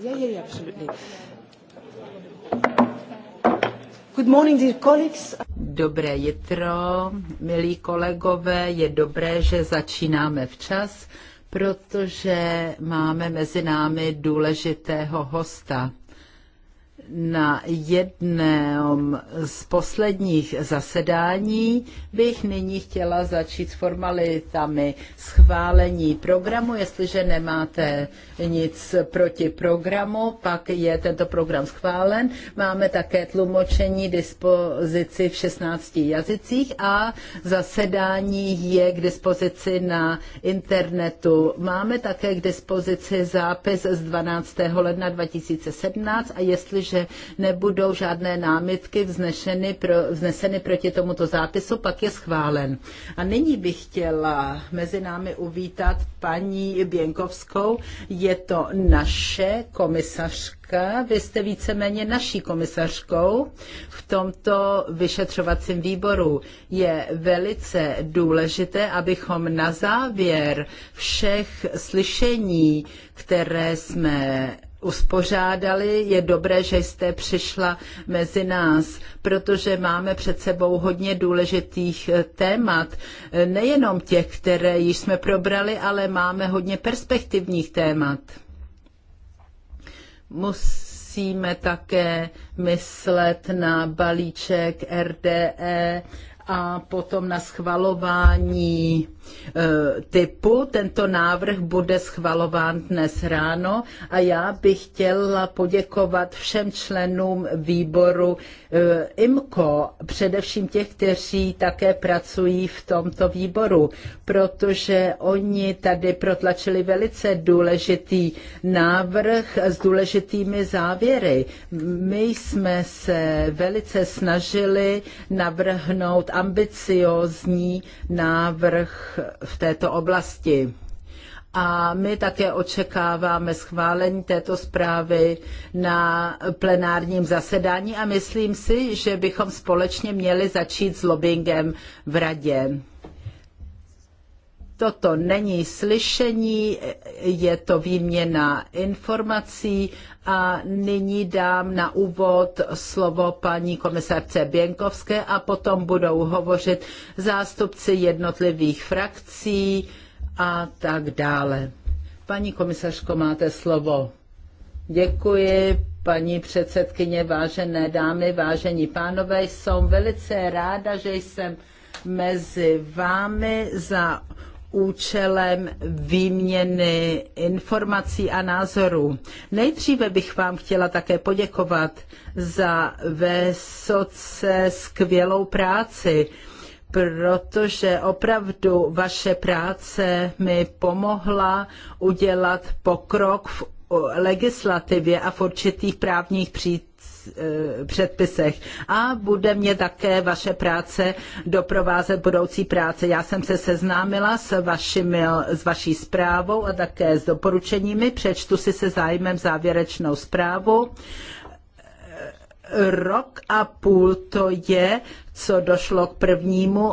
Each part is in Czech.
Yeah, yeah, yeah, absolutely. Good morning, dear colleagues. Dobré jitro, milí kolegové, je dobré, že začínáme včas, protože máme mezi námi důležitého hosta na jednom z posledních zasedání bych nyní chtěla začít s formalitami schválení programu. Jestliže nemáte nic proti programu, pak je tento program schválen. Máme také tlumočení dispozici v 16 jazycích a zasedání je k dispozici na internetu. Máme také k dispozici zápis z 12. ledna 2017 a jestliže že nebudou žádné námitky vznešeny pro, vzneseny proti tomuto zápisu, pak je schválen. A nyní bych chtěla mezi námi uvítat paní Běnkovskou. Je to naše komisařka, vy jste víceméně naší komisařkou v tomto vyšetřovacím výboru. Je velice důležité, abychom na závěr všech slyšení, které jsme uspořádali. Je dobré, že jste přišla mezi nás, protože máme před sebou hodně důležitých eh, témat. Eh, nejenom těch, které již jsme probrali, ale máme hodně perspektivních témat. Musíme také myslet na balíček RDE a potom na schvalování Eh, typu. Tento návrh bude schvalován dnes ráno a já bych chtěla poděkovat všem členům výboru eh, IMCO, především těch, kteří také pracují v tomto výboru, protože oni tady protlačili velice důležitý návrh s důležitými závěry. My jsme se velice snažili navrhnout ambiciozní návrh v této oblasti. A my také očekáváme schválení této zprávy na plenárním zasedání a myslím si, že bychom společně měli začít s lobbyingem v radě. Toto není slyšení, je to výměna informací a nyní dám na úvod slovo paní komisarce Běnkovské a potom budou hovořit zástupci jednotlivých frakcí a tak dále. Paní komisařko, máte slovo. Děkuji, paní předsedkyně, vážené dámy, vážení pánové. Jsem velice ráda, že jsem mezi vámi za účelem výměny informací a názorů. Nejdříve bych vám chtěla také poděkovat za vysoce skvělou práci, protože opravdu vaše práce mi pomohla udělat pokrok v legislativě a v určitých právních při Eh, předpisech. A bude mě také vaše práce doprovázet budoucí práce. Já jsem se seznámila s, vašimi, s vaší zprávou a také s doporučeními. Přečtu si se zájmem závěrečnou zprávu rok a půl to je, co došlo k prvnímu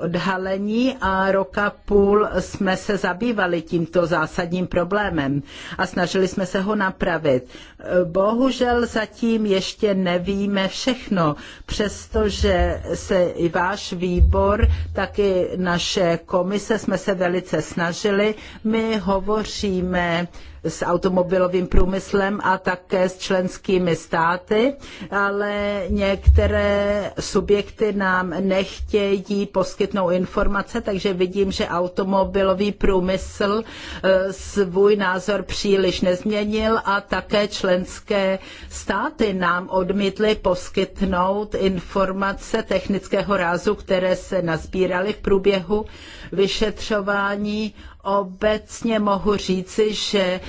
odhalení a roka půl jsme se zabývali tímto zásadním problémem a snažili jsme se ho napravit. Bohužel zatím ještě nevíme všechno, přestože se i váš výbor, tak i naše komise jsme se velice snažili. My hovoříme s automobilovým průmyslem a také s členskými státy, ale některé subjekty subjekty nám nechtějí poskytnout informace, takže vidím, že automobilový průmysl e, svůj názor příliš nezměnil a také členské státy nám odmítly poskytnout informace technického rázu, které se nazbíraly v průběhu vyšetřování Obecně mohu říci, že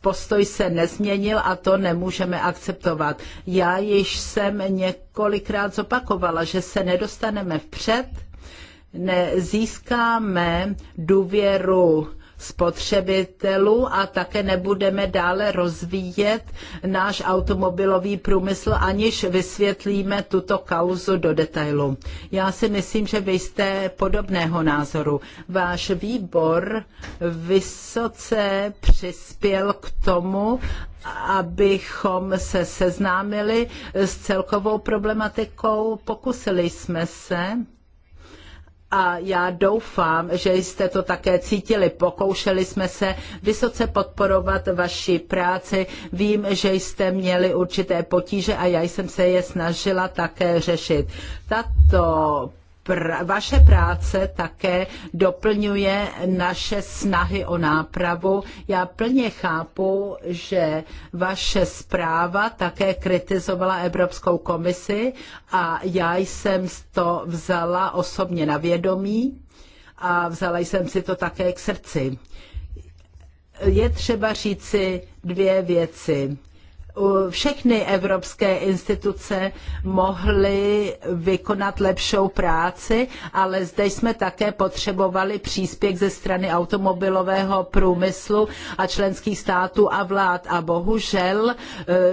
postoj se nezměnil a to nemůžeme akceptovat. Já již jsem několikrát zopakovala, že se nedostaneme vpřed, nezískáme důvěru spotřebitelů a také nebudeme dále rozvíjet náš automobilový průmysl, aniž vysvětlíme tuto kauzu do detailu. Já si myslím, že vy jste podobného názoru. Váš výbor vysoce přispěl k tomu, abychom se seznámili s celkovou problematikou. Pokusili jsme se a já doufám, že jste to také cítili. Pokoušeli jsme se vysoce podporovat vaši práci. Vím, že jste měli určité potíže a já jsem se je snažila také řešit. Tato pr- vaše práce také doplňuje naše snahy o nápravu. Já plně chápu, že vaše zpráva také kritizovala Evropskou komisi a já jsem to vzala osobně na vědomí a vzala jsem si to také k srdci. Je třeba říci dvě věci všechny evropské instituce mohly vykonat lepšou práci, ale zde jsme také potřebovali příspěch ze strany automobilového průmyslu a členských států a vlád. A bohužel e,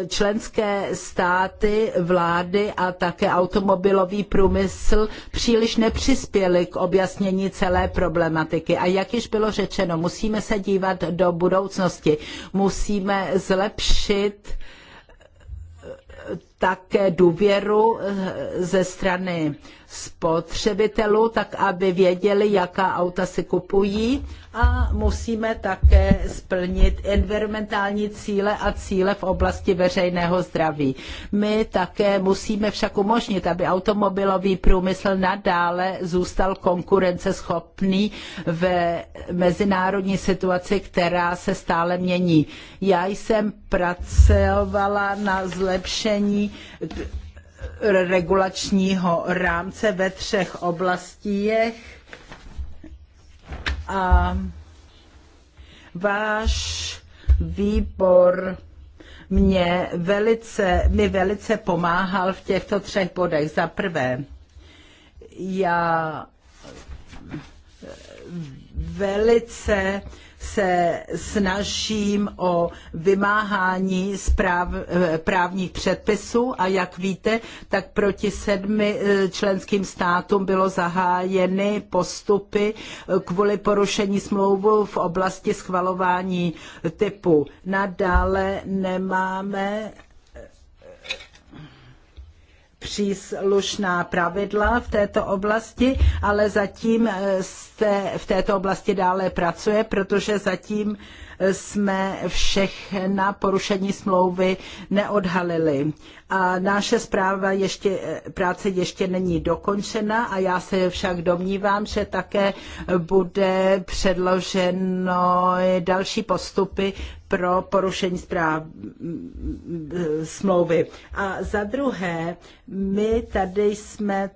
členské státy, vlády a také automobilový průmysl příliš nepřispěli k objasnění celé problematiky. A jak již bylo řečeno, musíme se dívat do budoucnosti. Musíme zlepšit také důvěru eh, ze strany spotřebitelů, tak aby věděli, jaká auta si kupují a musíme také splnit environmentální cíle a cíle v oblasti veřejného zdraví. My také musíme však umožnit, aby automobilový průmysl nadále zůstal konkurenceschopný ve mezinárodní situaci, která se stále mění. Já jsem pracovala na zlepšení regulačního rámce ve třech oblastech a váš výbor mě velice, mi velice pomáhal v těchto třech bodech. Za prvé, já velice se snažím o vymáhání správ, eh, právních předpisů a jak víte, tak proti sedmi eh, členským státům bylo zahájeny postupy eh, kvůli porušení smlouvu v oblasti schvalování typu. Nadále nemáme příslušná pravidla v této oblasti, ale zatím té, v této oblasti dále pracuje, protože zatím jsme všechna porušení smlouvy neodhalili. A naše zpráva ještě, práce ještě není dokončena a já se však domnívám, že také bude předloženo další postupy pro porušení zpráv, smlouvy. A za druhé, my tady jsme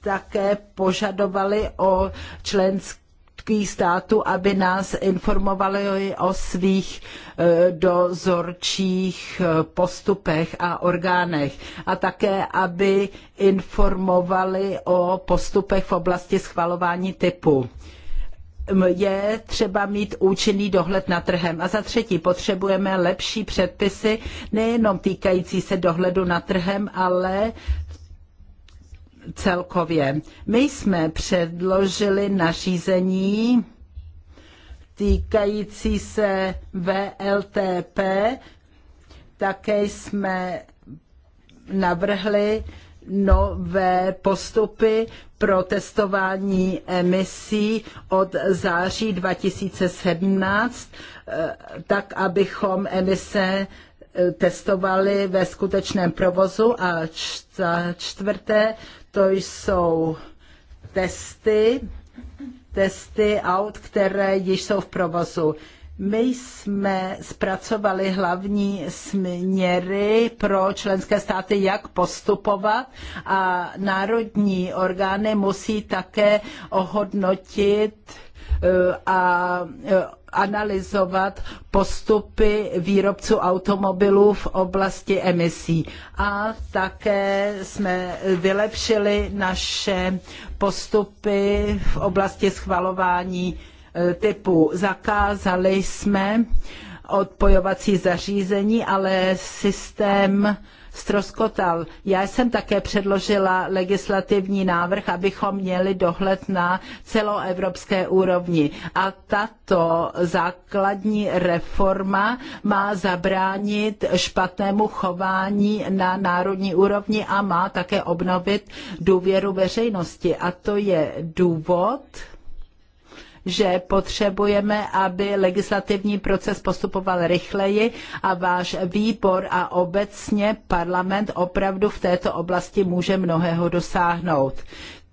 také požadovali o členských státu, aby nás informovali o svých e, dozorčích e, postupech a orgánech a také, aby informovali o postupech v oblasti schvalování typu je třeba mít účinný dohled nad trhem. A za třetí, potřebujeme lepší předpisy, nejenom týkající se dohledu nad trhem, ale celkově. My jsme předložili nařízení týkající se VLTP, také jsme navrhli nové postupy pro testování emisí od září 2017, eh, tak abychom emise eh, testovali ve skutečném provozu a čtvrté to jsou testy, testy aut, které již jsou v provozu. My jsme zpracovali hlavní směry pro členské státy, jak postupovat a národní orgány musí také ohodnotit a e, analyzovat postupy výrobců automobilů v oblasti emisí. A také jsme vylepšili naše postupy v oblasti schvalování e, typu. Zakázali jsme odpojovací zařízení, ale systém stroskotal. Já jsem také předložila legislativní návrh, abychom měli dohled na celoevropské úrovni. A tato základní reforma má zabránit špatnému chování na národní úrovni a má také obnovit důvěru veřejnosti. A to je důvod, že potřebujeme, aby legislativní proces postupoval rychleji a váš výbor a obecně parlament opravdu v této oblasti může mnohého dosáhnout.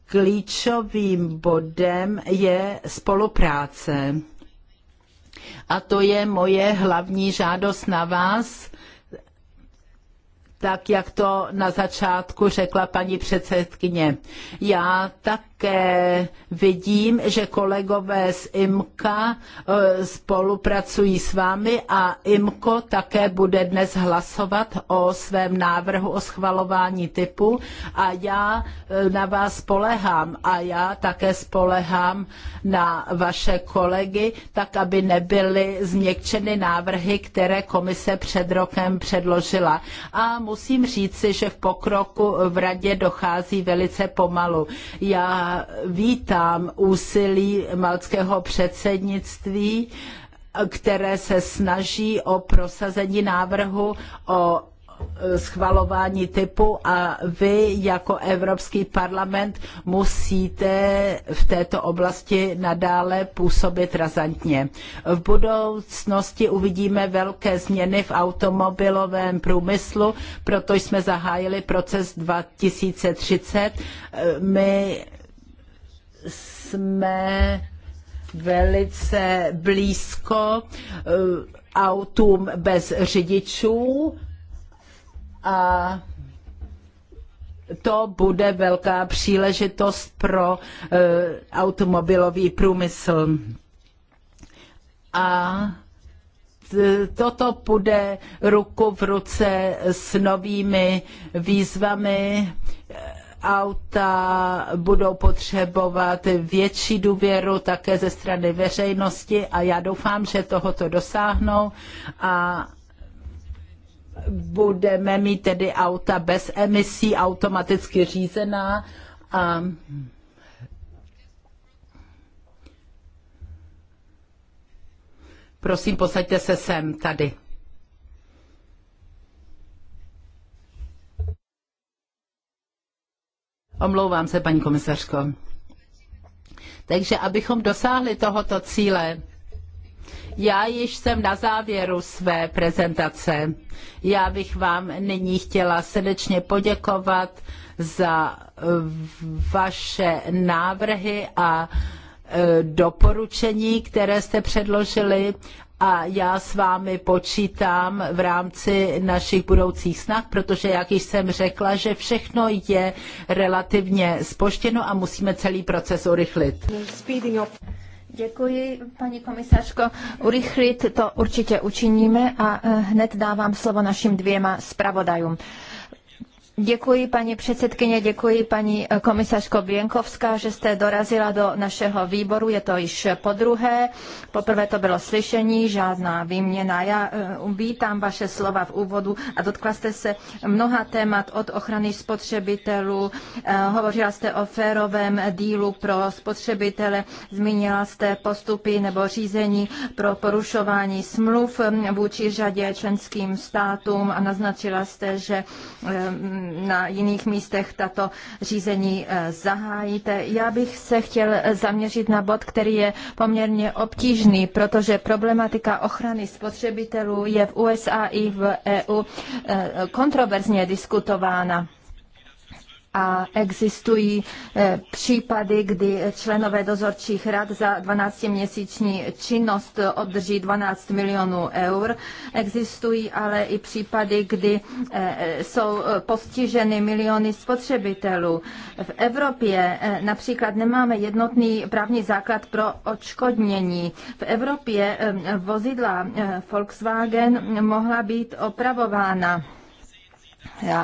Klíčovým bodem je spolupráce. A to je moje hlavní žádost na vás, tak jak to na začátku řekla paní předsedkyně. Já také vidím, že kolegové z IMKA eh, spolupracují s vámi a IMKO také bude dnes hlasovat o svém návrhu o schvalování typu a já eh, na vás spolehám a já také spolehám na vaše kolegy, tak aby nebyly změkčeny návrhy, které komise před rokem předložila. A musím musím říci, že v pokroku v radě dochází velice pomalu. Já vítám úsilí malckého předsednictví, které se snaží o prosazení návrhu o schvalování typu a vy jako Evropský parlament musíte v této oblasti nadále působit razantně. V budoucnosti uvidíme velké změny v automobilovém průmyslu, proto jsme zahájili proces 2030. My jsme velice blízko eh, autům bez řidičů a to bude velká příležitost pro e, automobilový průmysl. A toto půjde ruku v ruce s novými výzvami. Auta budou potřebovat větší důvěru také ze strany veřejnosti a já doufám, že tohoto dosáhnou a budeme mít tedy auta bez emisí, automaticky řízená a Prosím, posaďte se sem, tady. Omlouvám se, paní komisařko. Takže abychom dosáhli tohoto cíle, já již jsem na závěru své prezentace. Já bych vám nyní chtěla srdečně poděkovat za eh, vaše návrhy a eh, doporučení, které jste předložili a já s vámi počítám v rámci našich budoucích snah, protože, jak již jsem řekla, že všechno je relativně spoštěno a musíme celý proces urychlit. Děkuji, paní komisařko. Urychlit to určitě učiníme a eh, hned dávám slovo našim dvěma zpravodajům. Děkuji paní předsedkyně, děkuji paní eh, komisařko Běnkovská, že jste dorazila do našeho výboru. Je to již po druhé. Poprvé to bylo slyšení, žádná výměna. Já eh, vítám vaše slova v úvodu a dotkla jste se mnoha témat od ochrany spotřebitelů. Eh, hovořila jste o férovém dílu pro spotřebitele, zmínila jste postupy nebo řízení pro porušování smluv vůči řadě členským státům a naznačila jste, že na jiných místech tato řízení eh, zahájíte. Já bych se chtěl eh, zaměřit na bod, který je poměrně obtížný, protože problematika ochrany spotřebitelů je v USA i v EU eh, kontroverzně diskutována a existují eh, případy, kdy členové dozorčích rad za 12-měsíční činnost obdrží 12 milionů eur. Existují ale i případy, kdy eh, jsou postiženy miliony spotřebitelů. V Evropě eh, například nemáme jednotný právní základ pro odškodnění. V Evropě vozidla Volkswagen mohla být opravována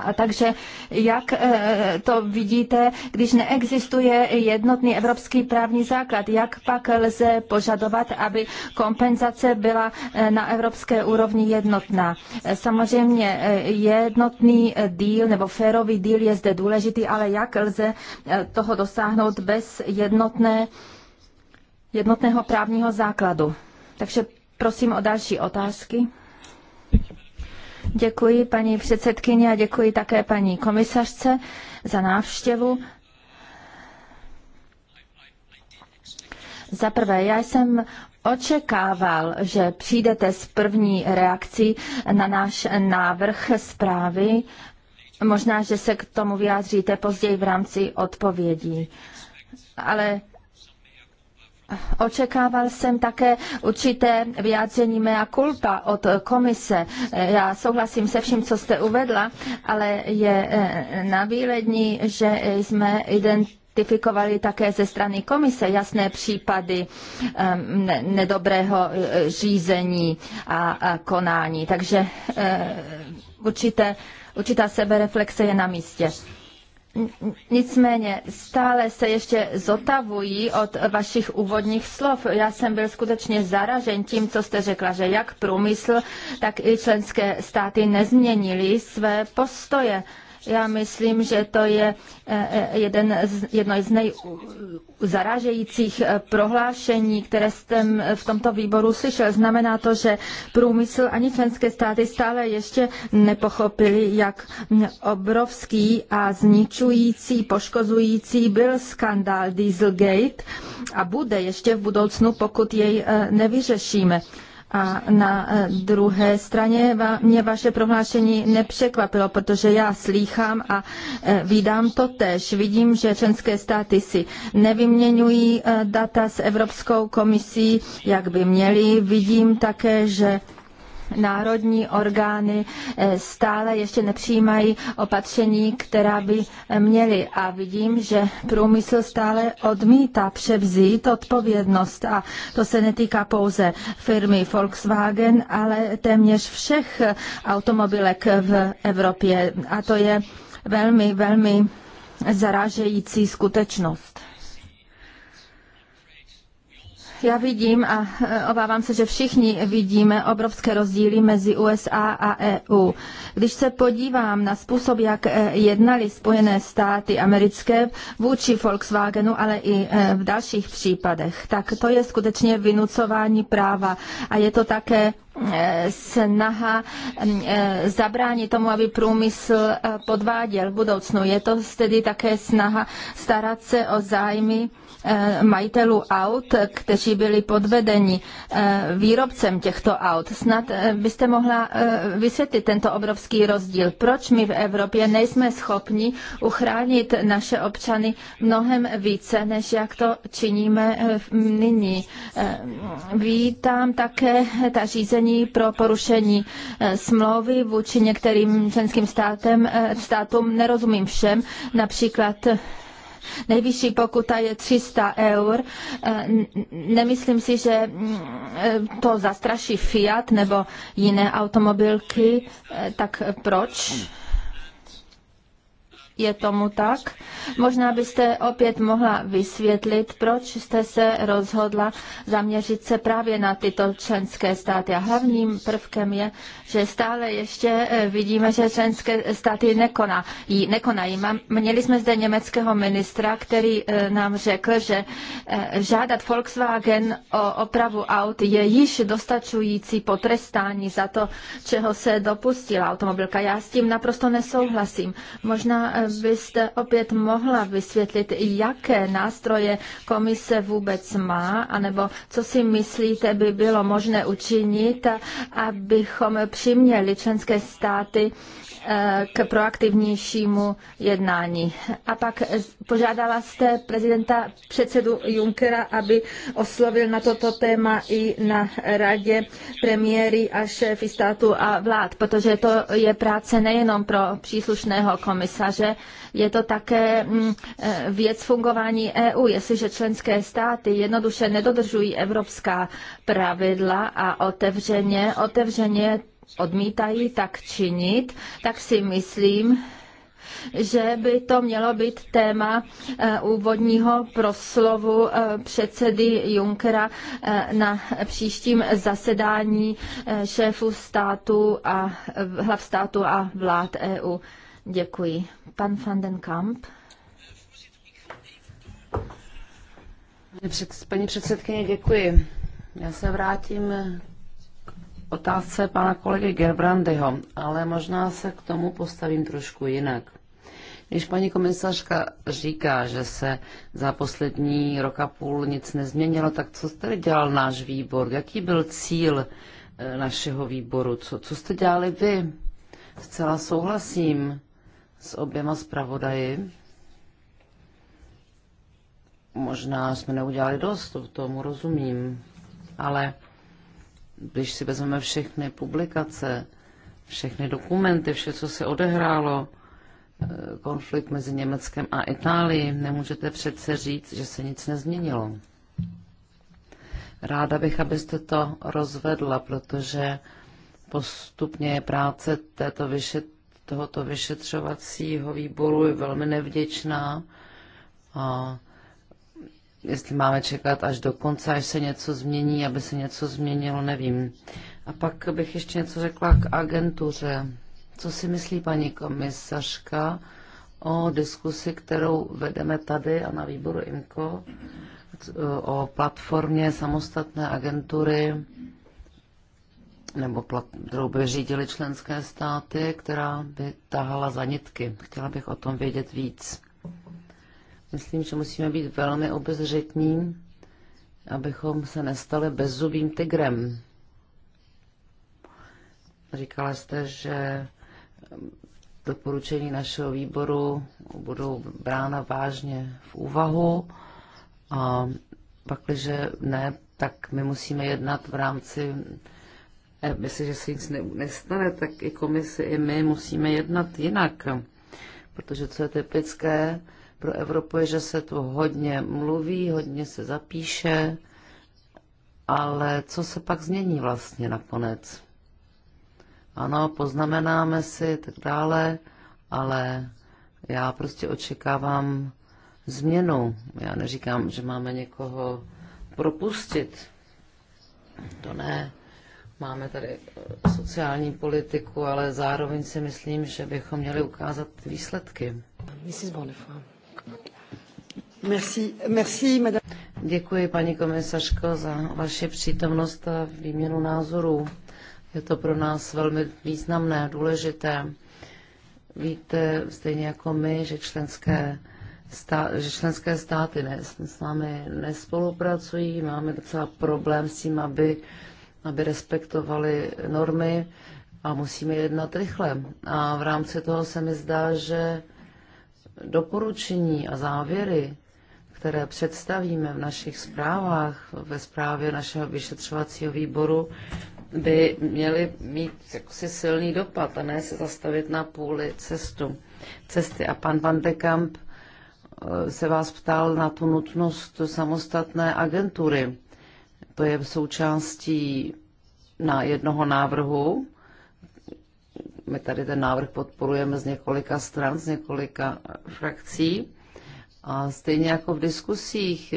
a takže jak e, to vidíte, když neexistuje jednotný evropský právní základ, jak pak lze požadovat, aby kompenzace byla e, na evropské úrovni jednotná? E, samozřejmě jednotný díl nebo férový díl je zde důležitý, ale jak lze toho dosáhnout bez jednotné, jednotného právního základu? Takže prosím o další otázky. Děkuji paní předsedkyni a děkuji také paní komisařce za návštěvu. Za prvé, já jsem očekával, že přijdete s první reakcí na náš návrh zprávy. Možná, že se k tomu vyjádříte později v rámci odpovědí. Ale Očekával jsem také určité vyjádření mea culpa od komise. Já souhlasím se vším, co jste uvedla, ale je eh, navýlední, že jsme identifikovali identifikovali také ze strany komise jasné případy um, nedobrého eh, řízení a, a konání. Takže uh, určité, určitá sebereflexe je na místě. Nicméně stále se ještě zotavují od vašich úvodních slov. Já jsem byl skutečně zaražen tím, co jste řekla, že jak průmysl, tak i členské státy nezměnili své postoje. Já myslím, že to je eh, eh, jeden z, jedno z nejzarážejících eh, prohlášení, které jsem v tomto výboru slyšel. Znamená to, že průmysl ani členské státy stále ještě nepochopili, jak obrovský a zničující, poškozující byl skandál Dieselgate a bude ještě v budoucnu, pokud jej nevyřešíme. A na eh, druhé straně mě vaše prohlášení nepřekvapilo, protože já slýchám a eh, vídám to tež. Vidím, že členské státy si nevyměňují eh, data s Evropskou komisí, jak by měly. Vidím také, že národní orgány eh, stále ještě nepřijímají opatření, která by měly. A vidím, že průmysl stále odmítá převzít odpovědnost. A to se netýká pouze firmy Volkswagen, ale téměř všech automobilek v Evropě. A to je velmi, velmi zarážející skutečnost. Já vidím a eh, obávám se, že všichni vidíme obrovské rozdíly mezi USA a EU. Když se podívám na způsob, jak eh, jednali Spojené státy americké vůči Volkswagenu, ale i eh, v dalších případech, tak to je skutečně vynucování práva a je to také snaha mm, zabránit tomu, aby průmysl podváděl v budoucnu. Je to tedy také snaha starat se o zájmy Eh, majitelů aut, kteří byli podvedeni eh, výrobcem těchto aut. Snad eh, byste mohla vysvětlit tento obrovský rozdíl. Proč my v Evropě nejsme schopni uchránit naše občany mnohem více, než jak to činíme nyní? Vítám také ta řízení pro porušení smlouvy vůči některým členským státem, státům. Nerozumím všem, například Nejvyšší pokuta je 300 eur. E, nemyslím si, že e, to zastraší Fiat nebo jiné automobilky, e, tak proč? je tomu tak. Možná byste opět mohla vysvětlit, proč jste se rozhodla zaměřit se právě na tyto členské státy. A hlavním prvkem je, že stále ještě eh, vidíme, že členské státy nekonají. nekonají. Měli jsme zde německého ministra, který eh, nám řekl, že eh, žádat Volkswagen o opravu aut je již dostačující potrestání za to, čeho se dopustila automobilka. Já s tím naprosto nesouhlasím. Možná byste opět mohla vysvětlit, jaké nástroje komise vůbec má, anebo co si myslíte by bylo možné učinit, abychom přiměli členské státy eh, k proaktivnějšímu jednání. A pak požádala jste prezidenta předsedu Junckera, aby oslovil na toto téma i na radě premiéry a šéfy státu a vlád, protože to je práce nejenom pro příslušného komisaře, je to také mm, e, věc fungování EU. Jestliže členské státy jednoduše nedodržují evropská pravidla a otevřeně, otevřeně odmítají tak činit, tak si myslím, že by to mělo být téma e, úvodního proslovu e, předsedy Junckera na příštím zasedání šéfů států a hlav států a vlád EU. Děkuji. Pan van den Kamp. Paní předsedkyně, děkuji. Já se vrátím k otázce pana kolegy Gerbrandyho, ale možná se k tomu postavím trošku jinak. Když paní komisařka říká, že se za poslední rok a půl nic nezměnilo, tak co tedy dělal náš výbor? Jaký byl cíl e, našeho výboru? Co, co jste dělali vy? Zcela souhlasím s oběma zpravodaji. Možná jsme neudělali dost, to tomu rozumím, ale když si vezmeme všechny publikace, všechny dokumenty, vše, co se odehrálo, eh, konflikt mezi Německem a Itálií, nemůžete přece říct, že se nic nezměnilo. Ráda bych, abyste to rozvedla, protože postupně je práce této vyšetření tohoto vyšetřovacího výboru je velmi nevděčná. A jestli máme čekat až do konce, až se něco změní, aby se něco změnilo, nevím. A pak bych ještě něco řekla k agentuře. Co si myslí paní komisařka o diskusi, kterou vedeme tady a na výboru IMCO o platformě samostatné agentury nebo plat, kterou by řídili členské státy, která by tahala za nitky. Chtěla bych o tom vědět víc. Myslím, že musíme být velmi obezřetní, abychom se nestali bezzubým tigrem. Říkala jste, že doporučení našeho výboru budou brána vážně v úvahu a pakliže ne, tak my musíme jednat v rámci Myslím, že se nic nestane, tak i komisi, i my musíme jednat jinak. Protože co je typické pro Evropu, je, že se tu hodně mluví, hodně se zapíše, ale co se pak změní vlastně nakonec? Ano, poznamenáme si tak dále, ale já prostě očekávám změnu. Já neříkám, že máme někoho propustit. To ne. Máme tady eh, sociální politiku, ale zároveň si myslím, že bychom měli ukázat výsledky. Mrs. Bonifa. Merci, merci, madame. Děkuji, paní komisařko, za vaši přítomnost a výměnu názorů. Je to pro nás velmi významné, důležité. Víte, stejně jako my, že členské Stá, že členské státy ne, s námi nespolupracují, máme docela problém s tím, aby aby respektovali normy a musíme jednat rychle. A v rámci toho se mi zdá, že doporučení a závěry, které představíme v našich zprávách, ve zprávě našeho vyšetřovacího výboru, by měly mít jakosi silný dopad a ne se zastavit na půli cestu, cesty. A pan Van de Kamp eh, se vás ptal na tu nutnost samostatné agentury. To je v součástí na jednoho návrhu. My tady ten návrh podporujeme z několika stran, z několika frakcí. A stejně jako v diskusích,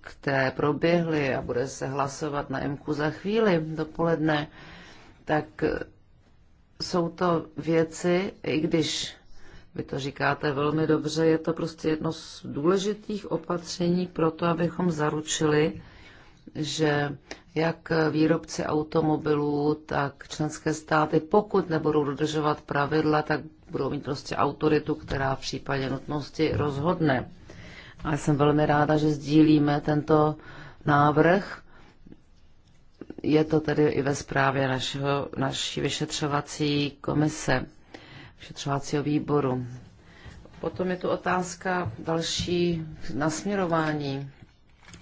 které proběhly a bude se hlasovat na MKU za chvíli dopoledne, tak jsou to věci, i když vy to říkáte velmi dobře, je to prostě jedno z důležitých opatření pro to, abychom zaručili, že jak výrobci automobilů, tak členské státy, pokud nebudou dodržovat pravidla, tak budou mít prostě autoritu, která v případě nutnosti rozhodne. A jsem velmi ráda, že sdílíme tento návrh. Je to tedy i ve zprávě našeho, naší vyšetřovací komise, vyšetřovacího výboru. Potom je tu otázka další nasměrování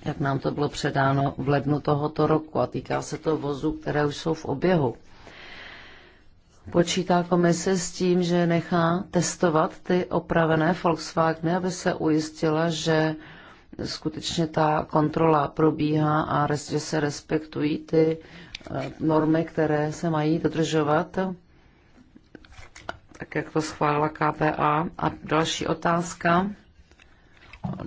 jak nám to bylo předáno v lednu tohoto roku a týká se to vozů, které už jsou v oběhu. Počítá komise s tím, že nechá testovat ty opravené Volkswageny, aby se ujistila, že skutečně ta kontrola probíhá a že se respektují ty eh, normy, které se mají dodržovat, tak jak to schválila KPA. A další otázka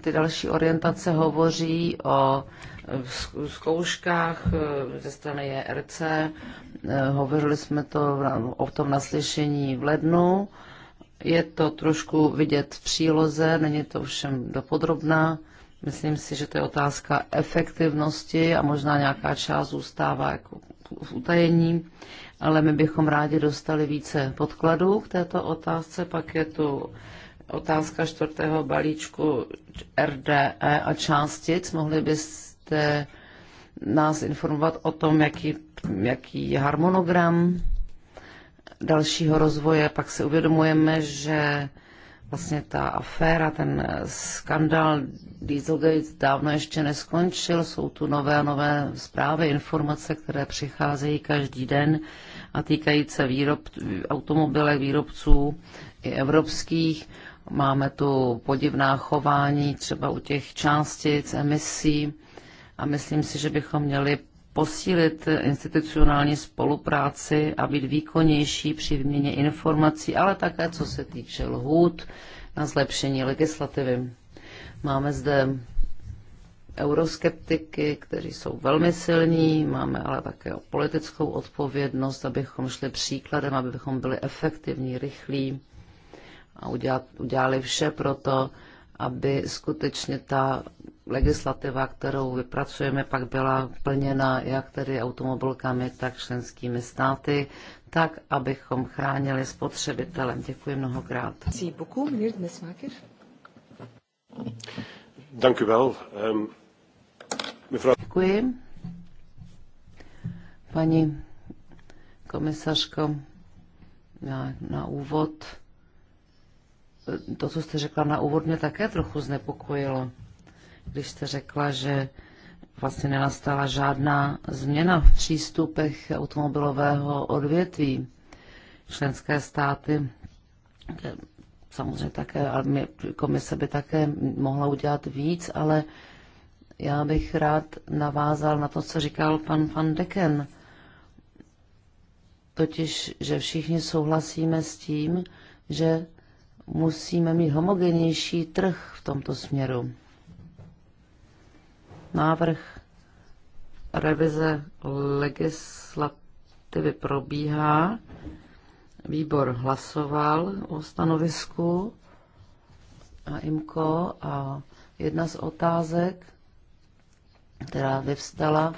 ty další orientace hovoří o eh, zkouškách eh, ze strany ERC. Eh, hovořili jsme to o tom naslyšení v lednu. Je to trošku vidět v příloze, není to všem dopodrobná. Myslím si, že to je otázka efektivnosti a možná nějaká část zůstává jako v utajení, ale my bychom rádi dostali více podkladů k této otázce. Pak je tu Otázka čtvrtého balíčku RDE a částic. Mohli byste nás informovat o tom, jaký, jaký je harmonogram dalšího rozvoje. Pak si uvědomujeme, že vlastně ta aféra, ten skandal Dieselgate dávno ještě neskončil. Jsou tu nové a nové zprávy, informace, které přicházejí každý den a týkají se výrob, automobilek výrobců i evropských. Máme tu podivná chování třeba u těch částic, emisí a myslím si, že bychom měli posílit institucionální spolupráci a být výkonnější při výměně informací, ale také co se týče lhůt na zlepšení legislativy. Máme zde euroskeptiky, kteří jsou velmi silní, máme ale také politickou odpovědnost, abychom šli příkladem, abychom byli efektivní, rychlí a udělat, udělali vše pro to, aby skutečně ta legislativa, kterou vypracujeme, pak byla plněna jak tedy automobilkami, tak členskými státy, tak, abychom chránili spotřebitele. Děkuji mnohokrát. Ehm, Děkuji. Paní komisařko, na, na úvod to, co jste řekla na úvod, mě také trochu znepokojilo, když jste řekla, že vlastně nenastala žádná změna v přístupech automobilového odvětví. Členské státy, samozřejmě také, ale komise by také mohla udělat víc, ale já bych rád navázal na to, co říkal pan Van Deken. Totiž, že všichni souhlasíme s tím, že musíme mít homogenější trh v tomto směru. Návrh revize legislativy probíhá. Výbor hlasoval o stanovisku a IMKO a jedna z otázek, která vyvstala,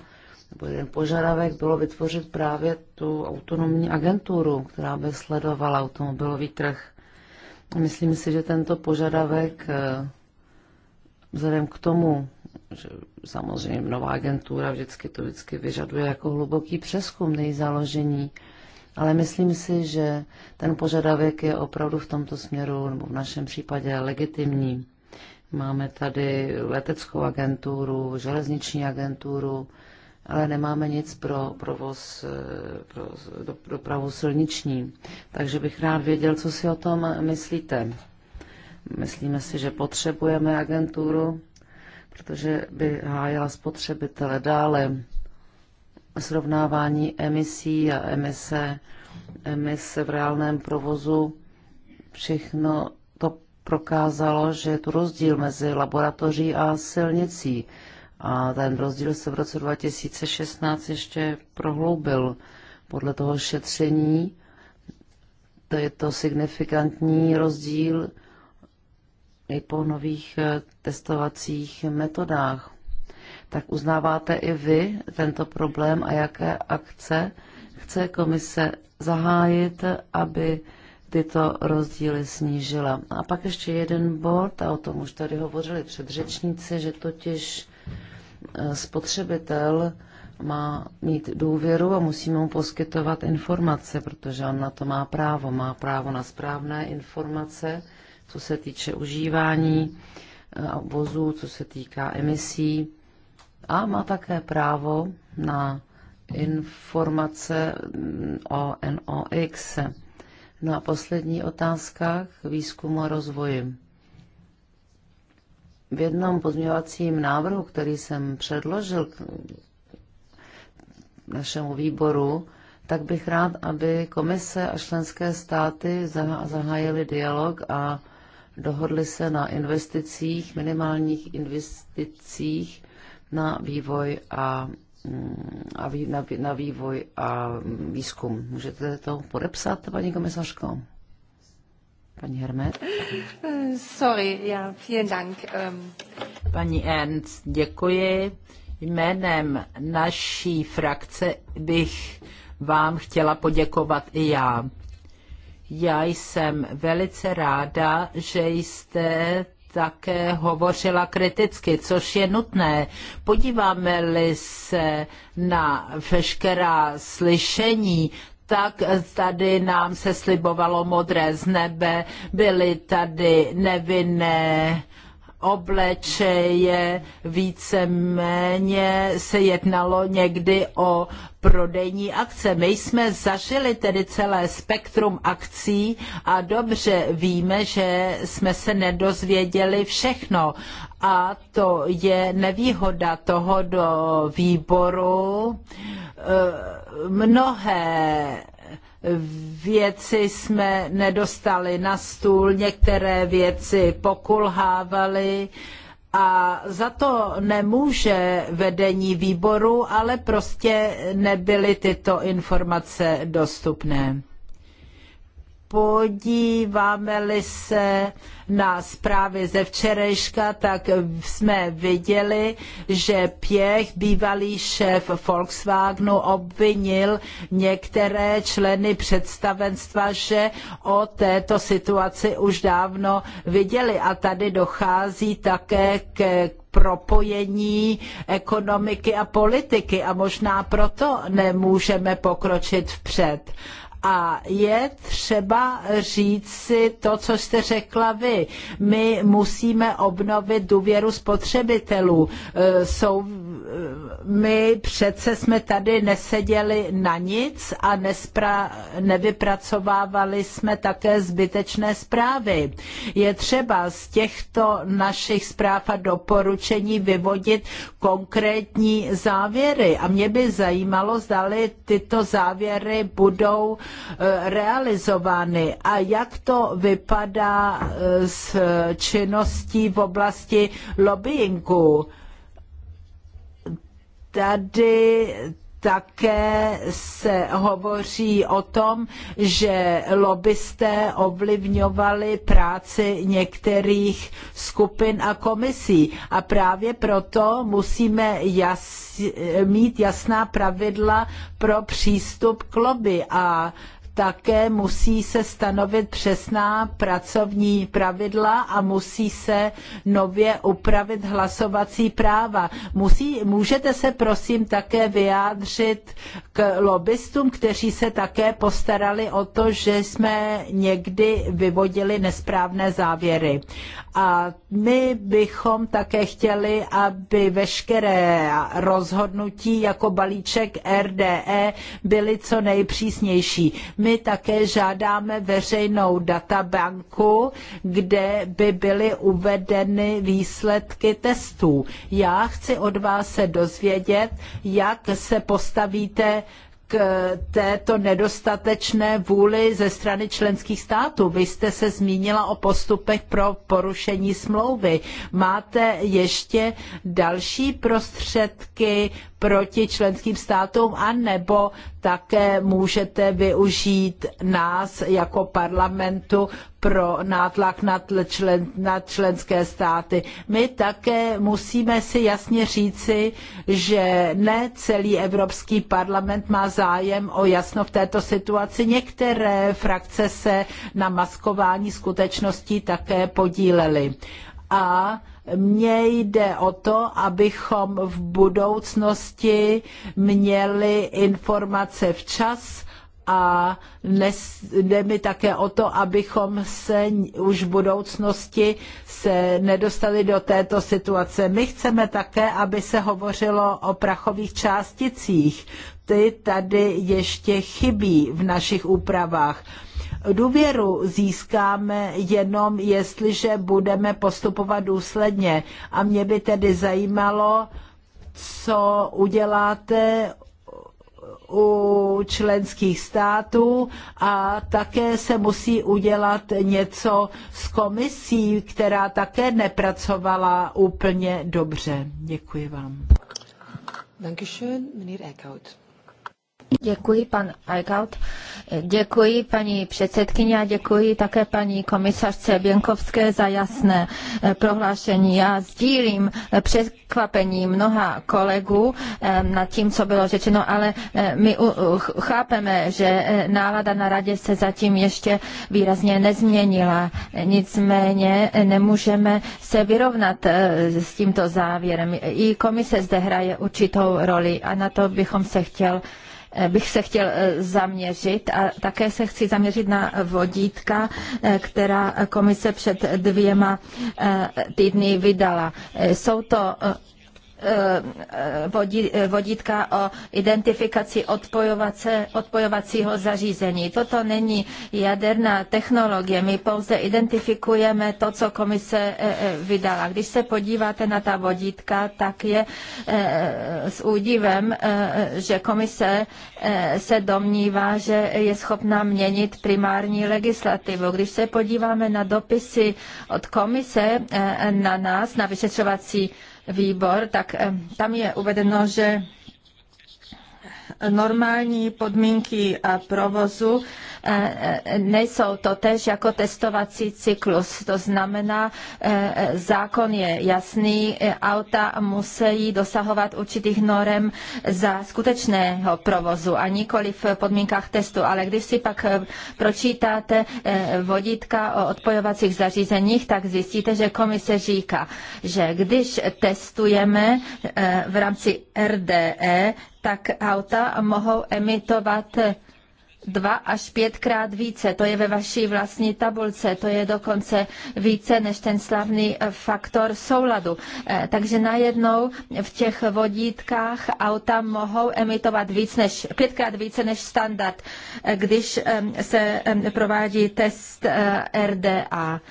nebo jeden požadavek bylo vytvořit právě tu autonomní agenturu, která by sledovala automobilový trh. Myslím si, že tento požadavek eh, vzhledem k tomu, že samozřejmě nová agentura vždycky to vždycky vyžaduje jako hluboký přeskum její založení, ale myslím si, že ten požadavek je opravdu v tomto směru, nebo v našem případě, legitimní. Máme tady leteckou agenturu, železniční agenturu, ale nemáme nic pro provoz, eh, pro dopravu silniční. Takže bych rád věděl, co si o tom myslíte. Myslíme si, že potřebujeme agenturu, protože by hájila spotřebitele dále. Srovnávání emisí a emise, emise v reálném provozu, všechno to prokázalo, že je tu rozdíl mezi laboratoří a silnicí. A ten rozdíl se v roce 2016 ještě prohloubil. Podle toho šetření to je to signifikantní rozdíl i po nových eh, testovacích metodách. Tak uznáváte i vy tento problém a jaké akce chce komise zahájit, aby tyto rozdíly snížila. A pak ještě jeden bod, a o tom už tady hovořili předřečníci, že totiž Eh, spotřebitel má mít důvěru a musíme mu poskytovat informace, protože on na to má právo. Má právo na správné informace, co se týče užívání eh, vozů, co se týká emisí a má také právo na informace mm, o NOx. Na no poslední otázkách výzkumu a rozvoji v jednom pozměňovacím návrhu, který jsem předložil k našemu výboru, tak bych rád, aby komise a členské státy zahájily dialog a dohodli se na investicích, minimálních investicích na vývoj a, mm, a vý, na, na vývoj a výzkum. Můžete to podepsat, paní komisařko? Paní Hermet, Sorry, já, vielen Dank. Ähm. Paní Ernst, děkuji. Jménem naší frakce bych vám chtěla poděkovat i já. Já jsem velice ráda, že jste také hovořila kriticky, což je nutné. Podíváme-li se na veškerá slyšení, tak tady nám se slibovalo modré z nebe, byly tady nevinné oblečeje, víceméně se jednalo někdy o prodejní akce. My jsme zažili tedy celé spektrum akcí a dobře víme, že jsme se nedozvěděli všechno a to je nevýhoda toho do výboru. Eh, mnohé věci jsme nedostali na stůl, některé věci pokulhávaly a za to nemůže vedení výboru, ale prostě nebyly tyto informace dostupné podíváme-li se na zprávy ze včerejška, tak jsme viděli, že Pěch, bývalý šéf Volkswagenu, obvinil některé členy představenstva, že o této situaci už dávno viděli. A tady dochází také k propojení ekonomiky a politiky a možná proto nemůžeme pokročit vpřed. A je třeba říct si to, co jste řekla vy. My musíme obnovit důvěru spotřebitelů. E, jsou, e, my přece jsme tady neseděli na nic a nespra, nevypracovávali jsme také zbytečné zprávy. Je třeba z těchto našich zpráv a doporučení vyvodit konkrétní závěry. A mě by zajímalo, zdali tyto závěry budou Eh, realizovány a jak to vypadá eh, s činností v oblasti lobbyingu. Tady také se hovoří o tom, že lobbysté ovlivňovali práci některých skupin a komisí. A právě proto musíme jas, mít jasná pravidla pro přístup k lobby. A také musí se stanovit přesná pracovní pravidla a musí se nově upravit hlasovací práva. Musí, můžete se prosím také vyjádřit k lobbystům, kteří se také postarali o to, že jsme někdy vyvodili nesprávné závěry. A my bychom také chtěli, aby veškeré rozhodnutí jako balíček RDE byly co nejpřísnější. My my také žádáme veřejnou databanku, kde by byly uvedeny výsledky testů. Já chci od vás se dozvědět, jak se postavíte k této nedostatečné vůli ze strany členských států. Vy jste se zmínila o postupech pro porušení smlouvy. Máte ještě další prostředky proti členským státům a nebo také můžete využít nás jako parlamentu pro nátlak na, člen, na členské státy. My také musíme si jasně říci, že ne celý Evropský parlament má zájem o jasno v této situaci. Některé frakce se na maskování skutečností také podílely. A mně jde o to, abychom v budoucnosti měli informace včas, a jde mi také o to, abychom se už v budoucnosti se nedostali do této situace. My chceme také, aby se hovořilo o prachových částicích. Ty tady ještě chybí v našich úpravách. Důvěru získáme jenom, jestliže budeme postupovat důsledně. A mě by tedy zajímalo, co uděláte u členských států a také se musí udělat něco s komisí, která také nepracovala úplně dobře. Děkuji vám. Dankeschön, Děkuji, pan Eichelt. Děkuji, paní předsedkyně a děkuji také paní komisařce Běnkovské za jasné eh, prohlášení. Já sdílím eh, překvapení mnoha kolegů eh, nad tím, co bylo řečeno, ale my chápeme, že nálada na radě se zatím ještě výrazně nezměnila. Nicméně nemůžeme se vyrovnat s tímto závěrem. I komise zde hraje určitou roli a na to bychom se chtěl bych se chtěl eh, zaměřit a také se chci zaměřit na vodítka, eh, která komise před dvěma eh, týdny vydala. Jsou to Eh, eh, vodítka o identifikaci odpojovacího zařízení. Toto není jaderná technologie, my pouze identifikujeme to, co komise eh, vydala. Když se podíváte na ta vodítka, tak je s údivem, že komise se domnívá, že je schopná měnit primární legislativu. Když se podíváme na dopisy od komise na nás, na vyšetřovací výbor, tak eh, tam je uvedeno, že normální podmínky a provozu E, e, nejsou to tež jako testovací cyklus. To znamená, e, zákon je jasný, auta musí dosahovat určitých norem za skutečného provozu a nikoli v podmínkách testu. Ale když si pak pročítáte vodítka o odpojovacích zařízeních, tak zjistíte, že komise říká, že když testujeme v rámci RDE, tak auta mohou emitovat dva až pětkrát více. To je ve vaší vlastní tabulce, to je dokonce více než ten slavný faktor souladu. Eh, takže najednou v těch vodítkách auta mohou emitovat víc než, pětkrát více než standard, eh, když eh, se provádí test RDA.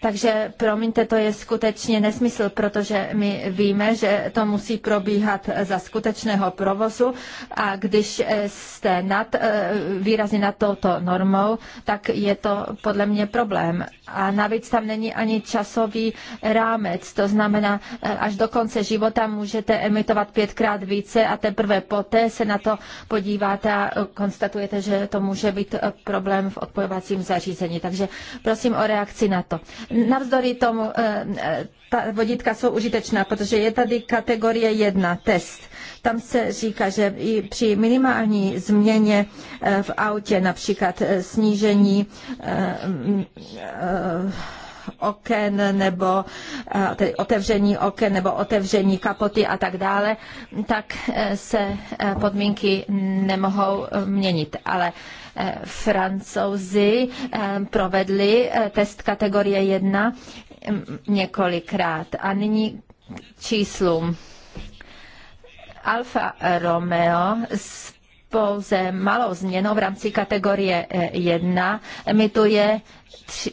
Takže promiňte, to je skutečně nesmysl, protože my víme, že to musí probíhat za skutečného provozu a když eh, jste nad, eh, výrazně nad touto normou, tak je to podle mě problém. A navíc tam není ani časový rámec, to znamená, eh, až do konce života můžete emitovat pětkrát více a teprve poté se na to podíváte a konstatujete, že to může být problém v odpojovacím zařízení. Takže prosím o reakci na to. Navzdory tomu eh, eh, ta vodítka jsou užitečná, protože je tady kategorie 1, test. Tam se říká, že i při minimální změně eh, v autě, například snížení oken nebo tedy otevření oken nebo otevření kapoty a tak dále, tak se podmínky nemohou měnit. Ale Eh, francouzi eh, provedli eh, test kategorie 1 mm, několikrát. A nyní k číslům. Alfa Romeo s pouze malou změnou v rámci kategorie 1 emituje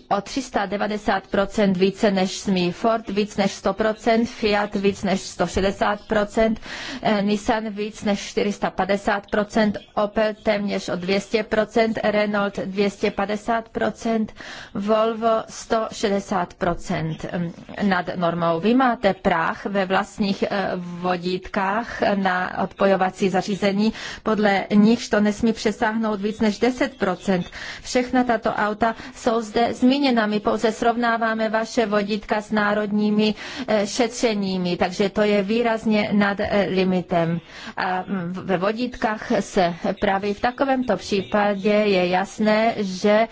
o 390% více než smi Ford, víc než 100%, Fiat víc než 160%, eh, Nissan víc než 450%, Opel téměř o 200%, Renault 250%, Volvo 160% hm, nad normou. Vy máte práh ve vlastních eh, vodítkách na odpojovací zařízení, podle nichž to nesmí přesáhnout víc než 10%. Všechna tato auta jsou zde zmíněna. My pouze srovnáváme vaše vodítka s národními eh, šetřeními, takže to je výrazně nad eh, limitem. A mm, ve vodítkách se praví v takovémto případě je jasné, že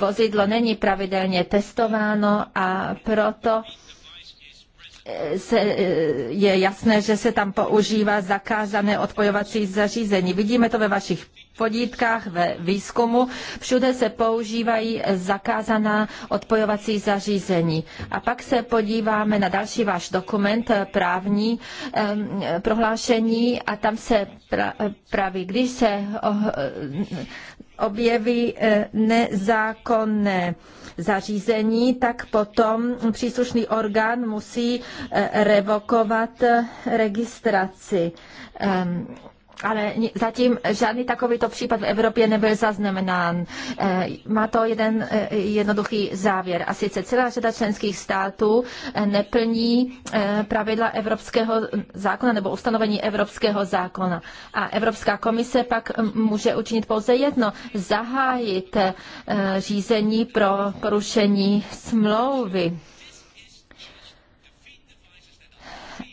vozidlo není pravidelně testováno a proto eh, se, je jasné, že se tam používá zakázané odpojovací zařízení. Vidíme to ve vašich vodítkách ve výzkumu. Všude se používají zakázaná odpojovací zařízení. A pak se podíváme na další váš dokument právní prohlášení a tam se praví, když se oh, objeví eh, nezákonné zařízení, tak potom příslušný orgán musí eh, revokovat eh, registraci ale zatím žádný takovýto případ v Evropě nebyl zaznamenán. Eh, má to jeden eh, jednoduchý závěr. A sice celá řada členských států eh, neplní pravidla evropského zákona nebo ustanovení evropského zákona. A Evropská komise pak může učinit pouze jedno, zahájit řízení pro porušení smlouvy.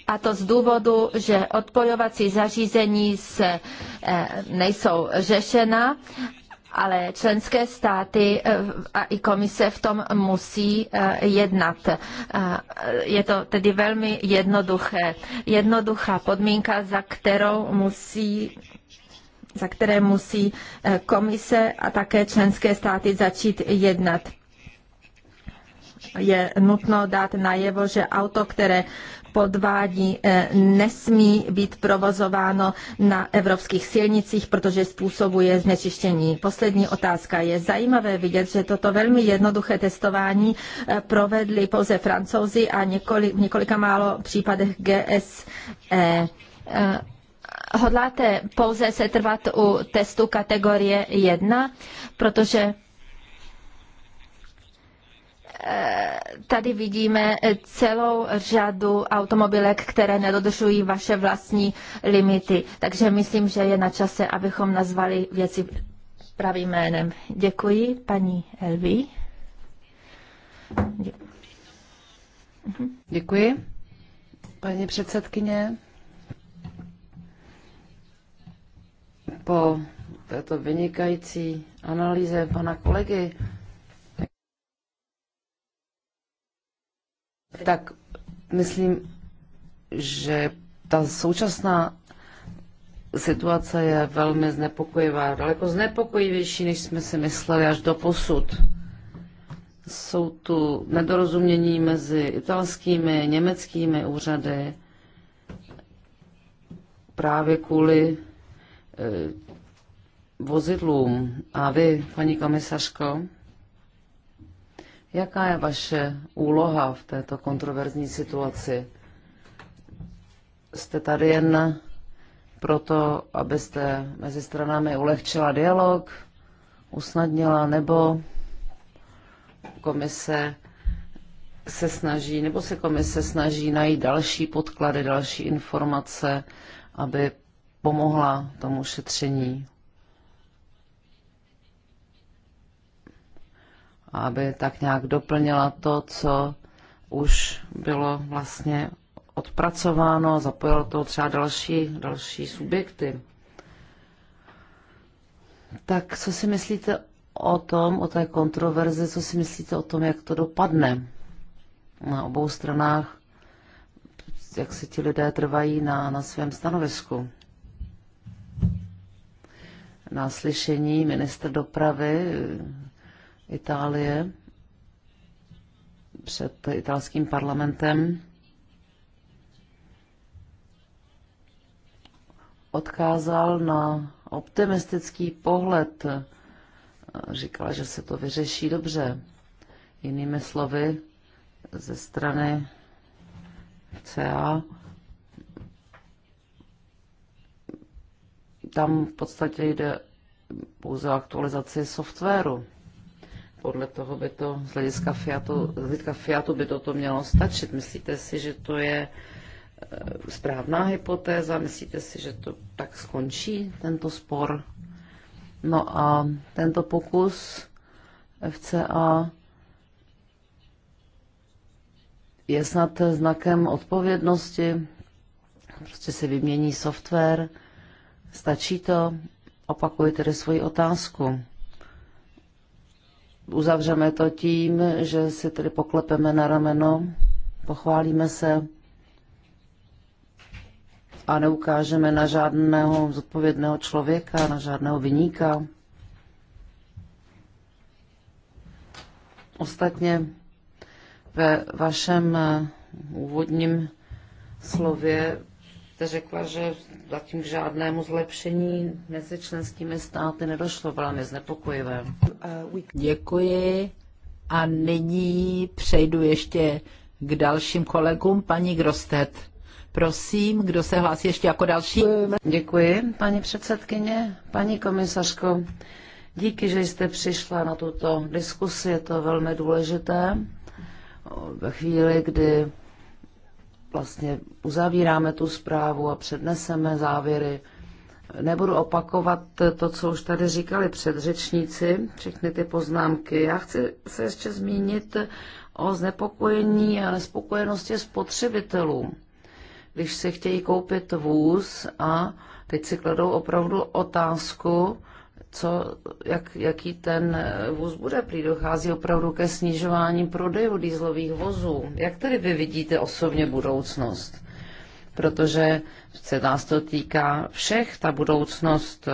a to z důvodu, že odpojovací zařízení se, eh, nejsou řešena ale členské státy eh, a i komise v tom musí eh, jednat. Je to tedy velmi jednoduché. Jednoduchá podmínka, za kterou musí za které musí komise a také členské státy začít jednat. Je nutno dát najevo, že auto, které podvádí, e, nesmí být provozováno na evropských silnicích, protože způsobuje znečištění. Poslední otázka. Je zajímavé vidět, že toto velmi jednoduché testování e, provedli pouze francouzi a několik, v několika málo případech GSE. E, hodláte pouze setrvat u testu kategorie 1, protože tady vidíme celou řadu automobilek, které nedodržují vaše vlastní limity. Takže myslím, že je na čase, abychom nazvali věci pravým jménem. Děkuji, paní Elvi. Mhm. Děkuji, paní předsedkyně. Po této vynikající analýze pana kolegy tak myslím, že ta současná situace je velmi znepokojivá, daleko znepokojivější, než jsme si mysleli až do posud. Jsou tu nedorozumění mezi italskými, německými úřady právě kvůli e, vozidlům. A vy, paní komisařko, Jaká je vaše úloha v této kontroverzní situaci? Jste tady jen proto, abyste mezi stranami ulehčila dialog, usnadnila, nebo komise se snaží, nebo se komise snaží najít další podklady, další informace, aby pomohla tomu šetření aby tak nějak doplnila to, co už bylo vlastně odpracováno, zapojilo to třeba další, další subjekty. Tak co si myslíte o tom, o té kontroverzi, co si myslíte o tom, jak to dopadne na obou stranách, jak si ti lidé trvají na, na svém stanovisku? Na slyšení ministr dopravy Itálie před italským parlamentem odkázal na optimistický pohled. Říkala, že se to vyřeší dobře. Jinými slovy, ze strany CA tam v podstatě jde pouze o aktualizaci softwaru podle toho by to z hlediska Fiatu, z hlediska Fiatu by toto mělo stačit. Myslíte si, že to je e, správná hypotéza? Myslíte si, že to tak skončí, tento spor? No a tento pokus FCA je snad znakem odpovědnosti, prostě si vymění software, stačí to, opakuji tedy svoji otázku. Uzavřeme to tím, že si tedy poklepeme na rameno, pochválíme se a neukážeme na žádného zodpovědného člověka, na žádného vyníka. Ostatně ve vašem úvodním slově jste řekla, že zatím k žádnému zlepšení mezi členskými státy nedošlo, velmi znepokojivé. Děkuji a nyní přejdu ještě k dalším kolegům. Paní Grostet, prosím, kdo se hlásí ještě jako další? Děkuji, paní předsedkyně, paní komisařko. Díky, že jste přišla na tuto diskusi, je to velmi důležité. Ve chvíli, kdy vlastně uzavíráme tu zprávu a předneseme závěry. Nebudu opakovat to, co už tady říkali předřečníci, všechny ty poznámky. Já chci se ještě zmínit o znepokojení a nespokojenosti spotřebitelů. Když si chtějí koupit vůz a teď si kladou opravdu otázku, co, jak, jaký ten vůz bude. Prý dochází opravdu ke snižování prodejů dýzlových vozů. Jak tedy vy vidíte osobně budoucnost? Protože se nás to týká všech, ta budoucnost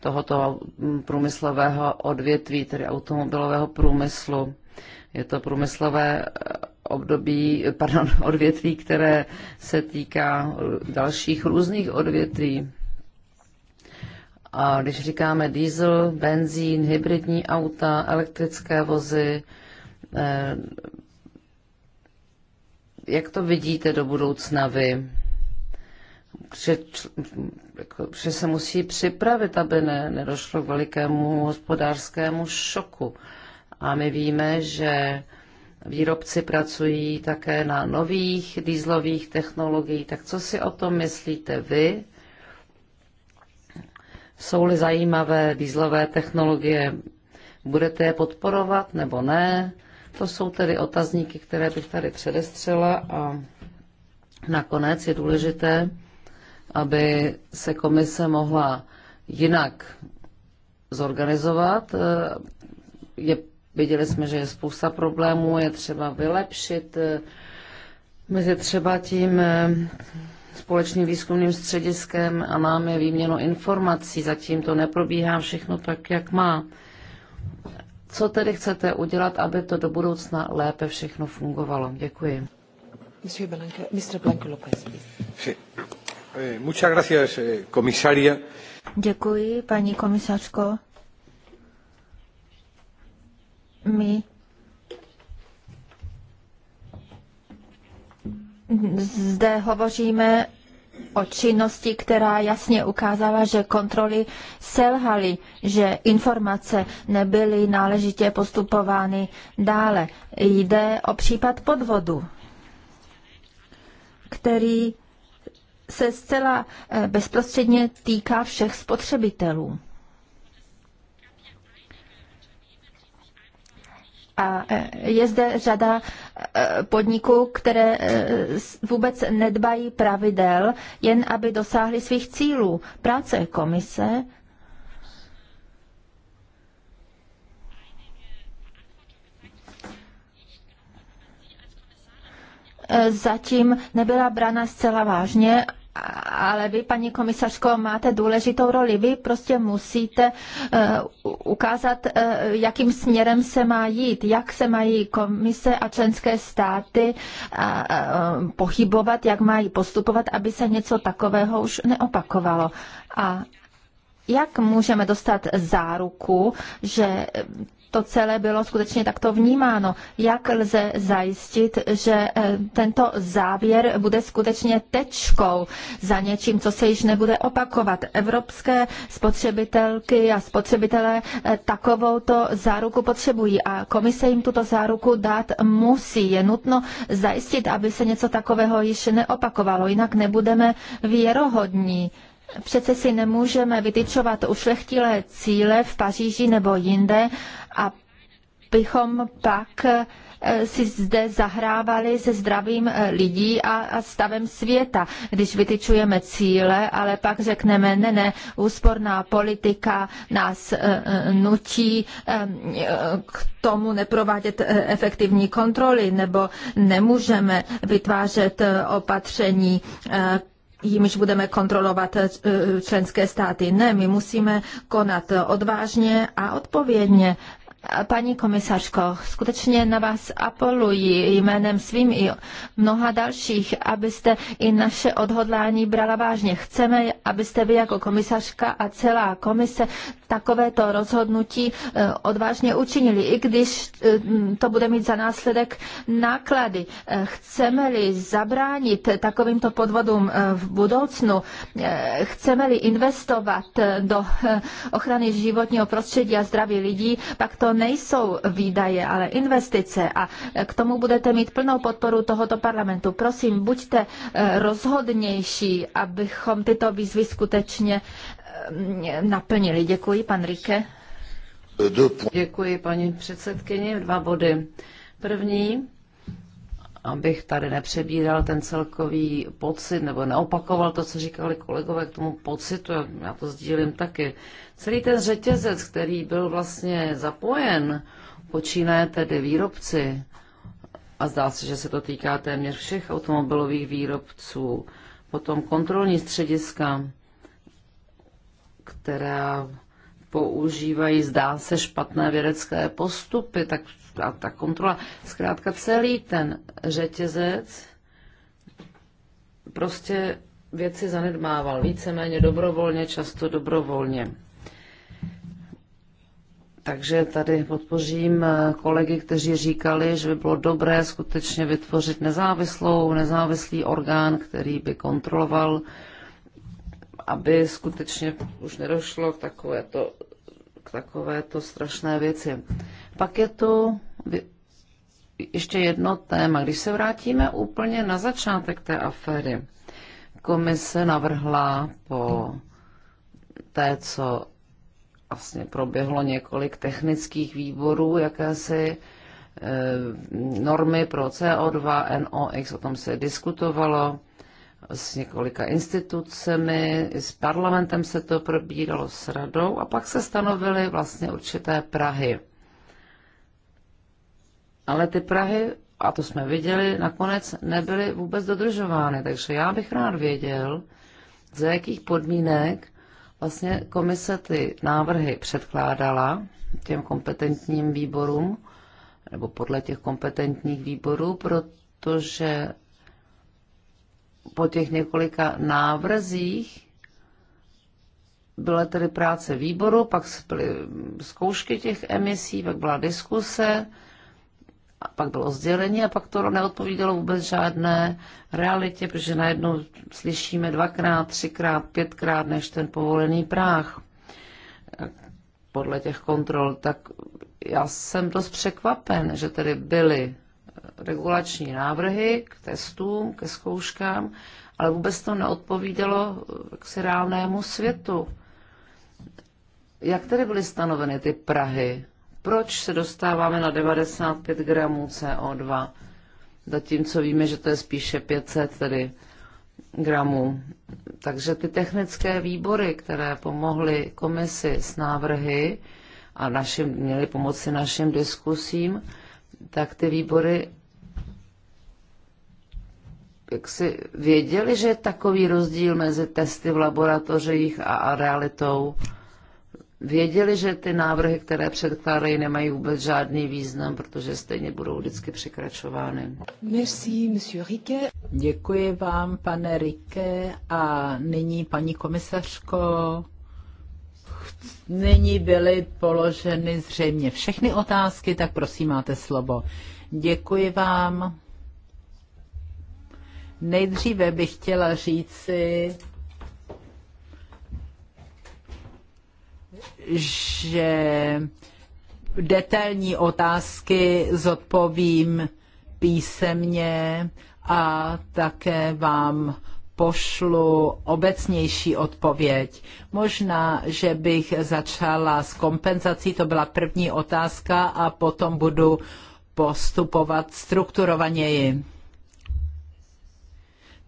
tohoto průmyslového odvětví, tedy automobilového průmyslu. Je to průmyslové období, pardon, odvětví, které se týká dalších různých odvětví. A když říkáme diesel, benzín, hybridní auta, elektrické vozy, eh, jak to vidíte do budoucna vy? Že, jako, že se musí připravit, aby ne, nedošlo k velikému hospodářskému šoku. A my víme, že výrobci pracují také na nových dýzlových technologiích. Tak co si o tom myslíte vy? Jsou-li zajímavé dýzlové technologie, budete je podporovat nebo ne? To jsou tedy otazníky, které bych tady předestřela a nakonec je důležité, aby se komise mohla jinak zorganizovat. Je, viděli jsme, že je spousta problémů, je třeba vylepšit eh, mezi třeba tím eh, společným výzkumným střediskem a máme výměnu informací. Zatím to neprobíhá všechno tak, jak má. Co tedy chcete udělat, aby to do budoucna lépe všechno fungovalo? Děkuji. Eh, gracias, eh, Děkuji, paní komisařko. My Zde hovoříme o činnosti, která jasně ukázala, že kontroly selhaly, že informace nebyly náležitě postupovány dále. Jde o případ podvodu, který se zcela eh, bezprostředně týká všech spotřebitelů. A e, je zde řada e, podniků, které e, vůbec nedbají pravidel, jen aby dosáhly svých cílů. Práce komise zatím nebyla brana zcela vážně ale vy, paní komisařko, máte důležitou roli. Vy prostě musíte eh, ukázat, eh, jakým směrem se má jít, jak se mají komise a členské státy eh, pohybovat, jak mají postupovat, aby se něco takového už neopakovalo. A jak můžeme dostat záruku, že to celé bylo skutečně takto vnímáno. Jak lze zajistit, že eh, tento závěr bude skutečně tečkou za něčím, co se již nebude opakovat? Evropské spotřebitelky a spotřebitelé eh, takovouto záruku potřebují a komise jim tuto záruku dát musí. Je nutno zajistit, aby se něco takového již neopakovalo, jinak nebudeme věrohodní. Přece si nemůžeme vytyčovat ušlechtilé cíle v Paříži nebo jinde abychom pak eh, si zde zahrávali se zdravím eh, lidí a, stavem světa, když vytyčujeme cíle, ale pak řekneme, ne, ne, úsporná politika nás eh, nutí k tomu neprovádět efektivní kontroly, nebo nemůžeme vytvářet opatření, jimž budeme kontrolovat členské státy. Ne, my musíme konat odvážně a odpovědně Paní komisařko, skutečně na vás apeluji jménem svým i mnoha dalších, abyste i naše odhodlání brala vážně. Chceme, abyste vy jako komisařka a celá komise takovéto rozhodnutí eh, odvážně učinili, i když eh, mm, to bude mít za následek náklady. Eh, chceme-li zabránit takovýmto podvodům v budoucnu, chceme-li investovat do ochrany životního prostředí a zdraví lidí, pak to nejsou výdaje, ale investice a k tomu budete mít plnou podporu tohoto parlamentu. Prosím, buďte rozhodnější, abychom tyto výzvy skutečně naplnili. Děkuji, pan Riche. Děkuji, paní předsedkyně. Dva body. První, abych tady nepřebíral ten celkový pocit, nebo neopakoval to, co říkali kolegové k tomu pocitu, já to sdílím taky. Celý ten řetězec, který byl vlastně zapojen, počínaje tedy výrobci, a zdá se, že se to týká téměř všech automobilových výrobců, potom kontrolní střediska, která používají, zdá se, špatné vědecké postupy, tak a ta kontrola. Zkrátka celý ten řetězec prostě věci zanedbával, víceméně dobrovolně, často dobrovolně. Takže tady podpořím kolegy, kteří říkali, že by bylo dobré skutečně vytvořit nezávislou, nezávislý orgán, který by kontroloval uh, aby skutečně už nedošlo k takovéto, k takovéto strašné věci. Pak je tu ještě jedno téma. Když se vrátíme úplně na začátek té aféry, komise navrhla po té, co vlastně proběhlo několik technických výborů, jakési e, normy pro CO2, NOx, o tom se diskutovalo s několika institucemi, i s parlamentem se to probíralo s radou a pak se stanovily vlastně určité Prahy. Ale ty Prahy, a to jsme viděli, nakonec nebyly vůbec dodržovány. Takže já bych rád věděl, za jakých podmínek vlastně komise ty návrhy předkládala těm kompetentním výborům, nebo podle těch kompetentních výborů, protože po těch několika návrzích byla tedy práce výboru, pak byly zkoušky těch emisí, pak byla diskuse, a pak bylo sdělení a pak to neodpovídalo vůbec žádné realitě, protože najednou slyšíme dvakrát, třikrát, pětkrát než ten povolený práh podle těch kontrol, tak já jsem dost překvapen, že tedy byly regulační návrhy k testům, ke zkouškám, ale vůbec to neodpovídalo k si reálnému světu. Jak tedy byly stanoveny ty Prahy? Proč se dostáváme na 95 gramů CO2, zatímco víme, že to je spíše 500 tedy gramů? Takže ty technické výbory, které pomohly komisi s návrhy a našim, měly pomoci našim diskusím, tak ty výbory jak si věděli, že je takový rozdíl mezi testy v laboratořích a, a realitou? Věděli, že ty návrhy, které předkládají, nemají vůbec žádný význam, protože stejně budou vždycky překračovány. Merci, monsieur Rique. Děkuji vám, pane Rike. A nyní, paní komisařko, nyní byly položeny zřejmě všechny otázky, tak prosím, máte slovo. Děkuji vám. Nejdříve bych chtěla říci, že detailní otázky zodpovím písemně a také vám pošlu obecnější odpověď. Možná, že bych začala s kompenzací, to byla první otázka, a potom budu postupovat strukturovaněji.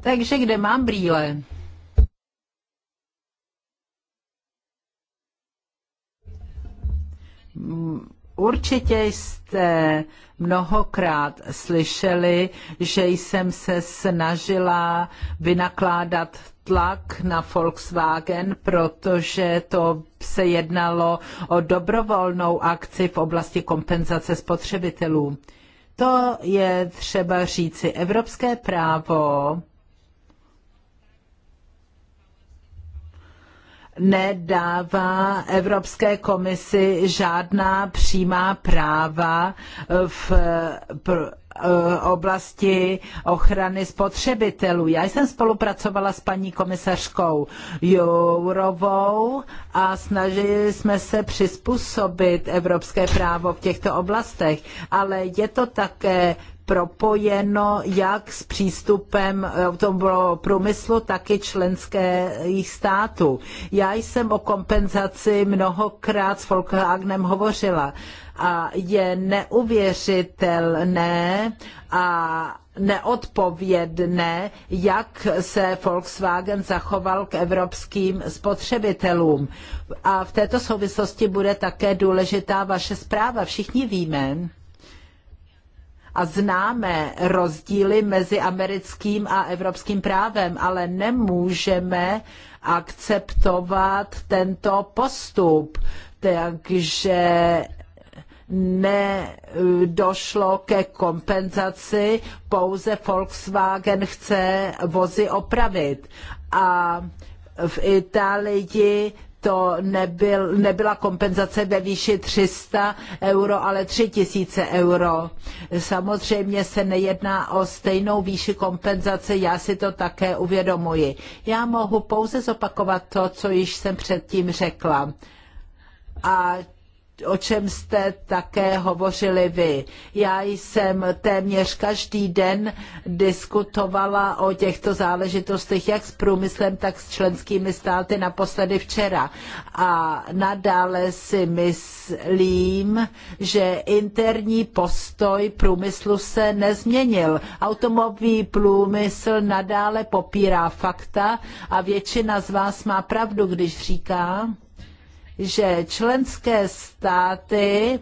Takže kde mám brýle? Určitě jste mnohokrát slyšeli, že jsem se snažila vynakládat tlak na Volkswagen, protože to se jednalo o dobrovolnou akci v oblasti kompenzace spotřebitelů. To je třeba říci. Evropské právo nedává Evropské komisi žádná přímá práva v eh, oblasti ochrany spotřebitelů. Já jsem spolupracovala s paní komisařkou Jourovou a snažili jsme se přizpůsobit evropské právo v těchto oblastech, ale je to také propojeno jak s přístupem automobilového eh, průmyslu, tak i členských států. Já jsem o kompenzaci mnohokrát s Volkswagenem hovořila a je neuvěřitelné a neodpovědné, jak se Volkswagen zachoval k evropským spotřebitelům. A v této souvislosti bude také důležitá vaše zpráva. Všichni víme, a známe rozdíly mezi americkým a evropským právem, ale nemůžeme akceptovat tento postup. Takže nedošlo ke kompenzaci, pouze Volkswagen chce vozy opravit. A v Itálii to nebyl, nebyla kompenzace ve výši 300 euro, ale 3000 euro. Samozřejmě se nejedná o stejnou výši kompenzace, já si to také uvědomuji. Já mohu pouze zopakovat to, co již jsem předtím řekla. A o čem jste také hovořili vy. Já jsem téměř každý den diskutovala o těchto záležitostech jak s průmyslem, tak s členskými státy naposledy včera. A nadále si myslím, že interní postoj průmyslu se nezměnil. Automobilový průmysl nadále popírá fakta a většina z vás má pravdu, když říká, že členské státy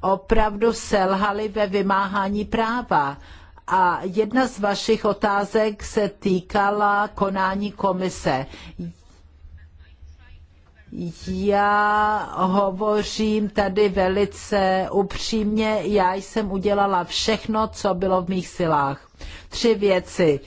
opravdu selhaly ve vymáhání práva. A jedna z vašich otázek se týkala konání komise. Já hovořím tady velice upřímně, já jsem udělala všechno, co bylo v mých silách. Tři věci.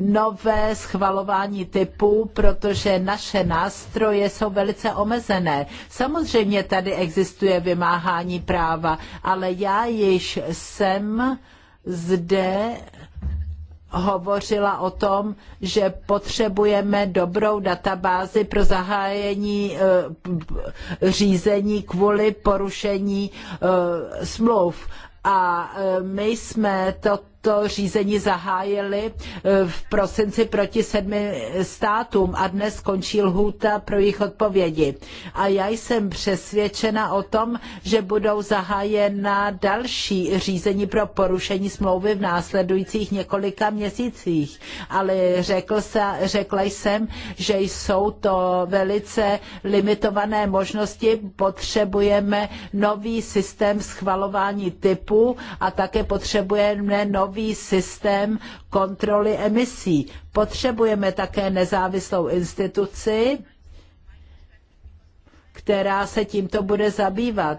Nové schvalování typu, protože naše nástroje jsou velice omezené. Samozřejmě tady existuje vymáhání práva, ale já již jsem zde hovořila o tom, že potřebujeme dobrou databázi pro zahájení e, řízení kvůli porušení e, smluv. A e, my jsme to to řízení zahájili eh, v prosinci proti sedmi státům a dnes končí lhůta pro jejich odpovědi. A já jsem přesvědčena o tom, že budou zahájena další řízení pro porušení smlouvy v následujících několika měsících. Ale řekl se, řekla jsem, že jsou to velice limitované možnosti. Potřebujeme nový systém schvalování typu a také potřebujeme nový nový systém kontroly emisí. Potřebujeme také nezávislou instituci, která se tímto bude zabývat.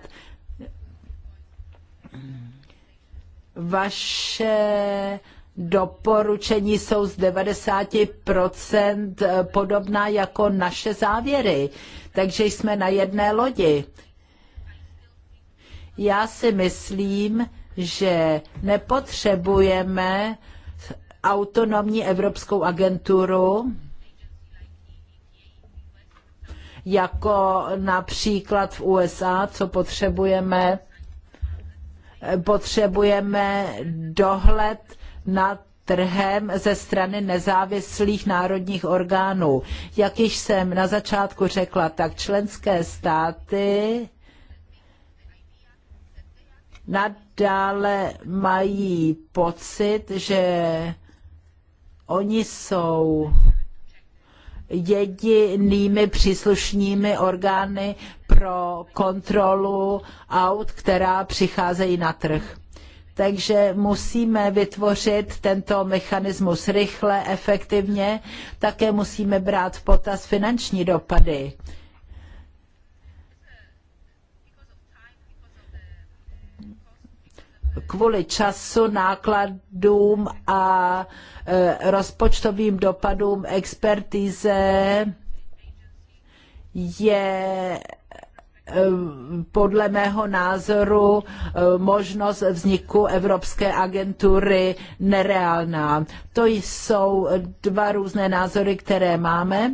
Vaše doporučení jsou z 90% podobná jako naše závěry, takže jsme na jedné lodi. Já si myslím, že nepotřebujeme autonomní evropskou agenturu, jako například v USA, co potřebujeme, potřebujeme dohled nad trhem ze strany nezávislých národních orgánů. Jak již jsem na začátku řekla, tak členské státy nad dále mají pocit, že oni jsou jedinými příslušními orgány pro kontrolu aut, která přicházejí na trh. Takže musíme vytvořit tento mechanismus rychle, efektivně, také musíme brát v potaz finanční dopady kvůli času, nákladům a e, rozpočtovým dopadům expertize je e, podle mého názoru e, možnost vzniku Evropské agentury nereálná. To jsou dva různé názory, které máme.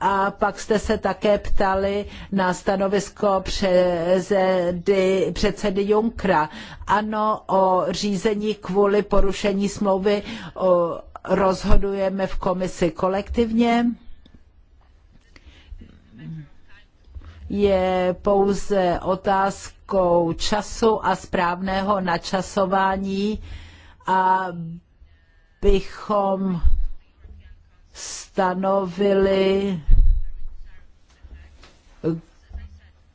A pak jste se také ptali na stanovisko přezedy, předsedy Junkra. Ano, o řízení kvůli porušení smlouvy o, rozhodujeme v komisi kolektivně. Je pouze otázkou času a správného načasování, abychom stanovili,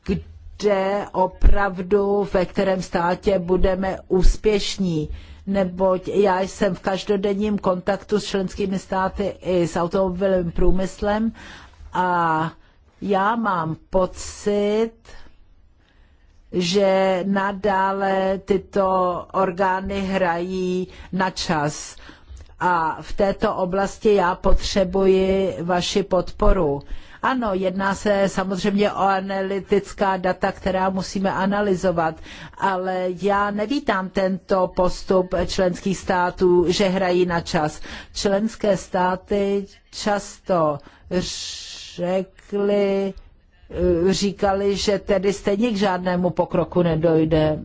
kde opravdu, ve kterém státě budeme úspěšní neboť já jsem v každodenním kontaktu s členskými státy i s automobilovým průmyslem a já mám pocit, že nadále tyto orgány hrají na čas. A v této oblasti já potřebuji vaši podporu. Ano, jedná se samozřejmě o analytická data, která musíme analyzovat, ale já nevítám tento postup členských států, že hrají na čas. Členské státy často řekly, říkali, že tedy stejně k žádnému pokroku nedojde.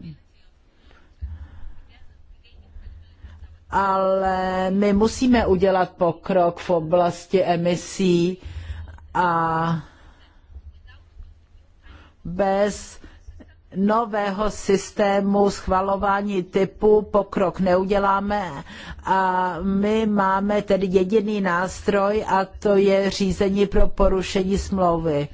ale my musíme udělat pokrok v oblasti emisí a bez nového systému schvalování typu pokrok neuděláme a my máme tedy jediný nástroj a to je řízení pro porušení smlouvy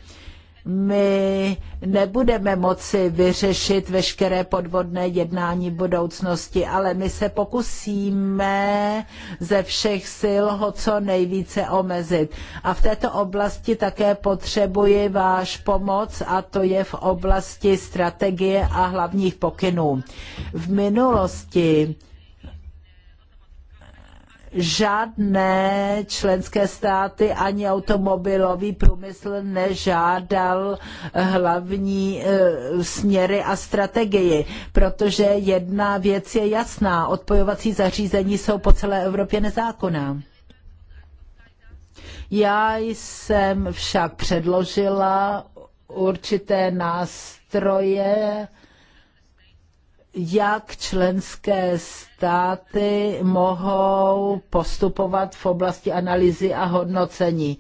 my nebudeme moci vyřešit veškeré podvodné jednání v budoucnosti, ale my se pokusíme ze všech sil ho co nejvíce omezit. A v této oblasti také potřebuji váš pomoc a to je v oblasti strategie a hlavních pokynů. V minulosti žádné členské státy ani automobilový průmysl nežádal hlavní e, směry a strategii, protože jedna věc je jasná, odpojovací zařízení jsou po celé Evropě nezákonná. Já jsem však předložila určité nástroje, jak členské státy mohou postupovat v oblasti analýzy a hodnocení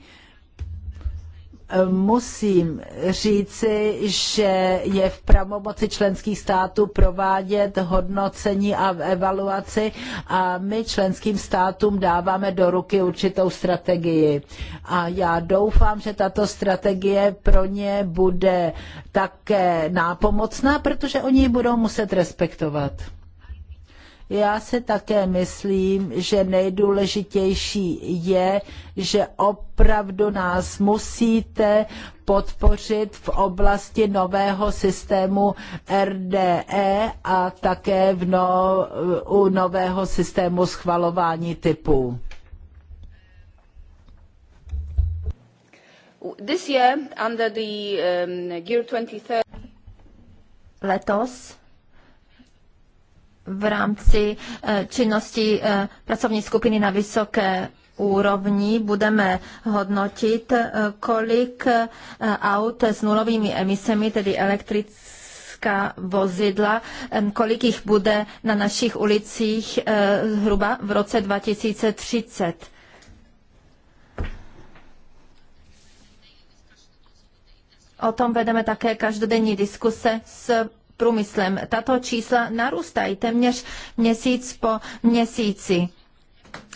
musím říci, že je v pravomoci členských států provádět hodnocení a evaluaci a my členským státům dáváme do ruky určitou strategii. A já doufám, že tato strategie pro ně bude také nápomocná, protože oni ji budou muset respektovat. Já se také myslím, že nejdůležitější je, že opravdu nás musíte podpořit v oblasti nového systému RDE a také v no, u nového systému schvalování typů. Um, Letos v rámci eh, činnosti eh, pracovní skupiny na vysoké úrovni budeme hodnotit, eh, kolik aut s nulovými emisemi, tedy elektrická vozidla, kolik jich bude na našich ulicích zhruba v roce 2030. O tom vedeme také každodenní diskuse s průmyslem. Tato čísla narůstají téměř měsíc po měsíci.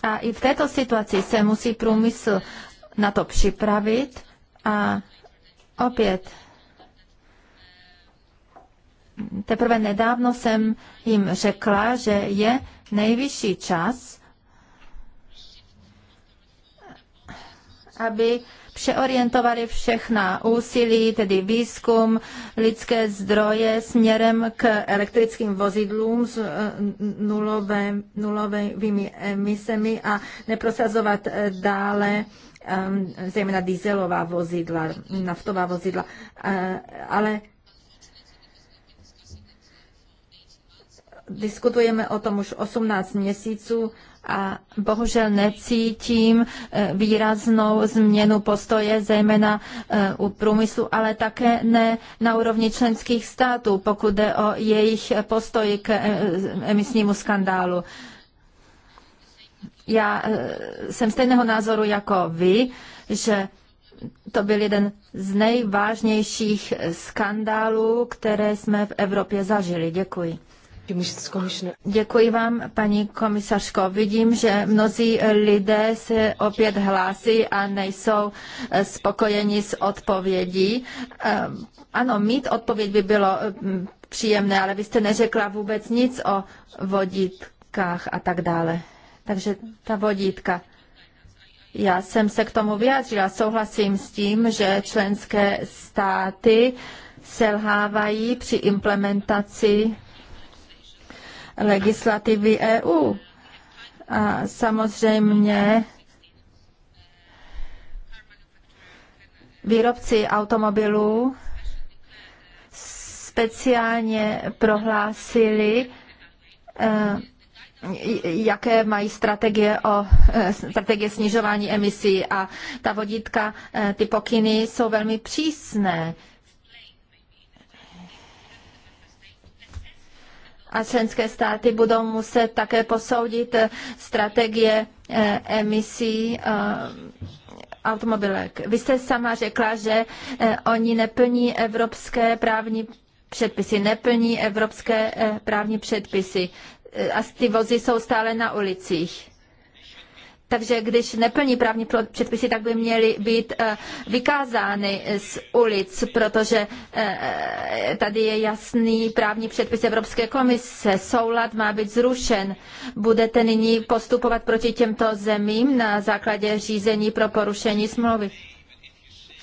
A i v této situaci se musí průmysl na to připravit a opět teprve nedávno jsem jim řekla, že je nejvyšší čas, aby přeorientovali všechna úsilí, tedy výzkum, lidské zdroje směrem k elektrickým vozidlům s eh, nulovými emisemi a neprosazovat eh, dále ehm, zejména dieselová vozidla, naftová vozidla, eh, ale diskutujeme o tom už 18 měsíců a bohužel necítím eh, výraznou změnu postoje, zejména eh, u průmyslu, ale také ne na úrovni členských států, pokud jde o jejich postoj k eh, emisnímu skandálu. Já jsem stejného názoru jako vy, že to byl jeden z nejvážnějších skandálů, které jsme v Evropě zažili. Děkuji. Děkuji vám, paní komisařko. Vidím, že mnozí lidé se opět hlásí a nejsou eh, spokojeni s odpovědí. Eh, ano, mít odpověď by bylo eh, příjemné, ale vy jste neřekla vůbec nic o vodítkách a tak dále. Takže ta vodítka. Já jsem se k tomu vyjádřila. Souhlasím s tím, že členské státy selhávají při implementaci legislativy EU. A samozřejmě výrobci automobilů speciálně prohlásili, eh, jaké mají strategie o eh, strategie snižování emisí a ta vodítka, eh, ty pokyny jsou velmi přísné. a členské státy budou muset také posoudit eh, strategie eh, emisí eh, automobilek. Vy jste sama řekla, že oni neplní evropské právní předpisy, neplní evropské právní předpisy a ty vozy jsou stále na ulicích. Takže když neplní právní předpisy, tak by měly být eh, vykázány z ulic, protože eh, tady je jasný právní předpis Evropské komise. Soulad má být zrušen. Budete nyní postupovat proti těmto zemím na základě řízení pro porušení smlouvy?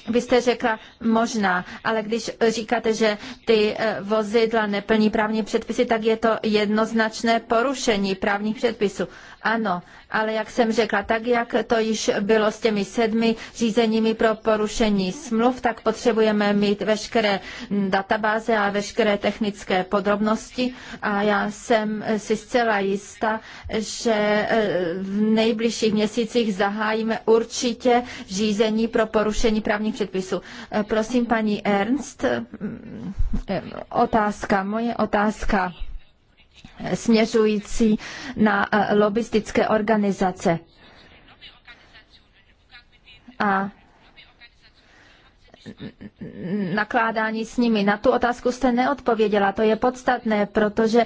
Vy jste řekla možná, ale když říkáte, že ty eh, vozidla neplní právní předpisy, tak je to jednoznačné porušení právních předpisů. Ano, ale jak jsem řekla, tak jak to již bylo s těmi sedmi řízeními pro porušení smluv, tak potřebujeme mít veškeré databáze a veškeré technické podrobnosti a já jsem si zcela jista, že e, v nejbližších měsících zahájíme určitě řízení pro porušení právních předpisů. E, prosím, paní Ernst, e, otázka, moje otázka směřující na eh, lobistické organizace. A nakládání s nimi. Na tu otázku jste neodpověděla. To je podstatné, protože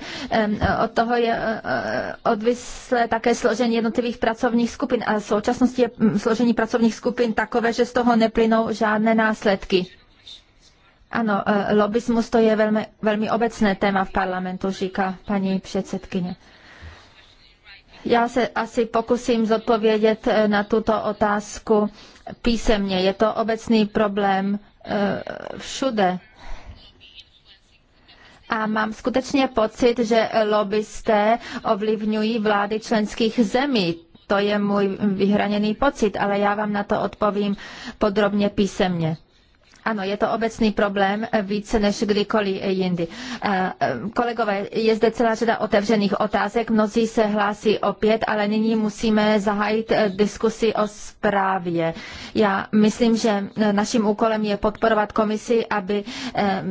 od toho je eh, eh, odvislé také složení jednotlivých pracovních skupin a v současnosti je mm, složení pracovních skupin takové, že z toho neplynou žádné následky. Ano, eh, lobismus to je velmi, velmi obecné téma v parlamentu, říká paní předsedkyně. Já se asi pokusím zodpovědět eh, na tuto otázku písemně. Je to obecný problém eh, všude. A mám skutečně pocit, že lobbysté ovlivňují vlády členských zemí. To je můj vyhraněný pocit, ale já vám na to odpovím podrobně písemně. Ano, je to obecný problém více než kdykoliv jindy. E, e, kolegové, je zde celá řada otevřených otázek, mnozí se hlásí opět, ale nyní musíme zahájit e, diskusi o zprávě. Já myslím, že naším úkolem je podporovat komisi, aby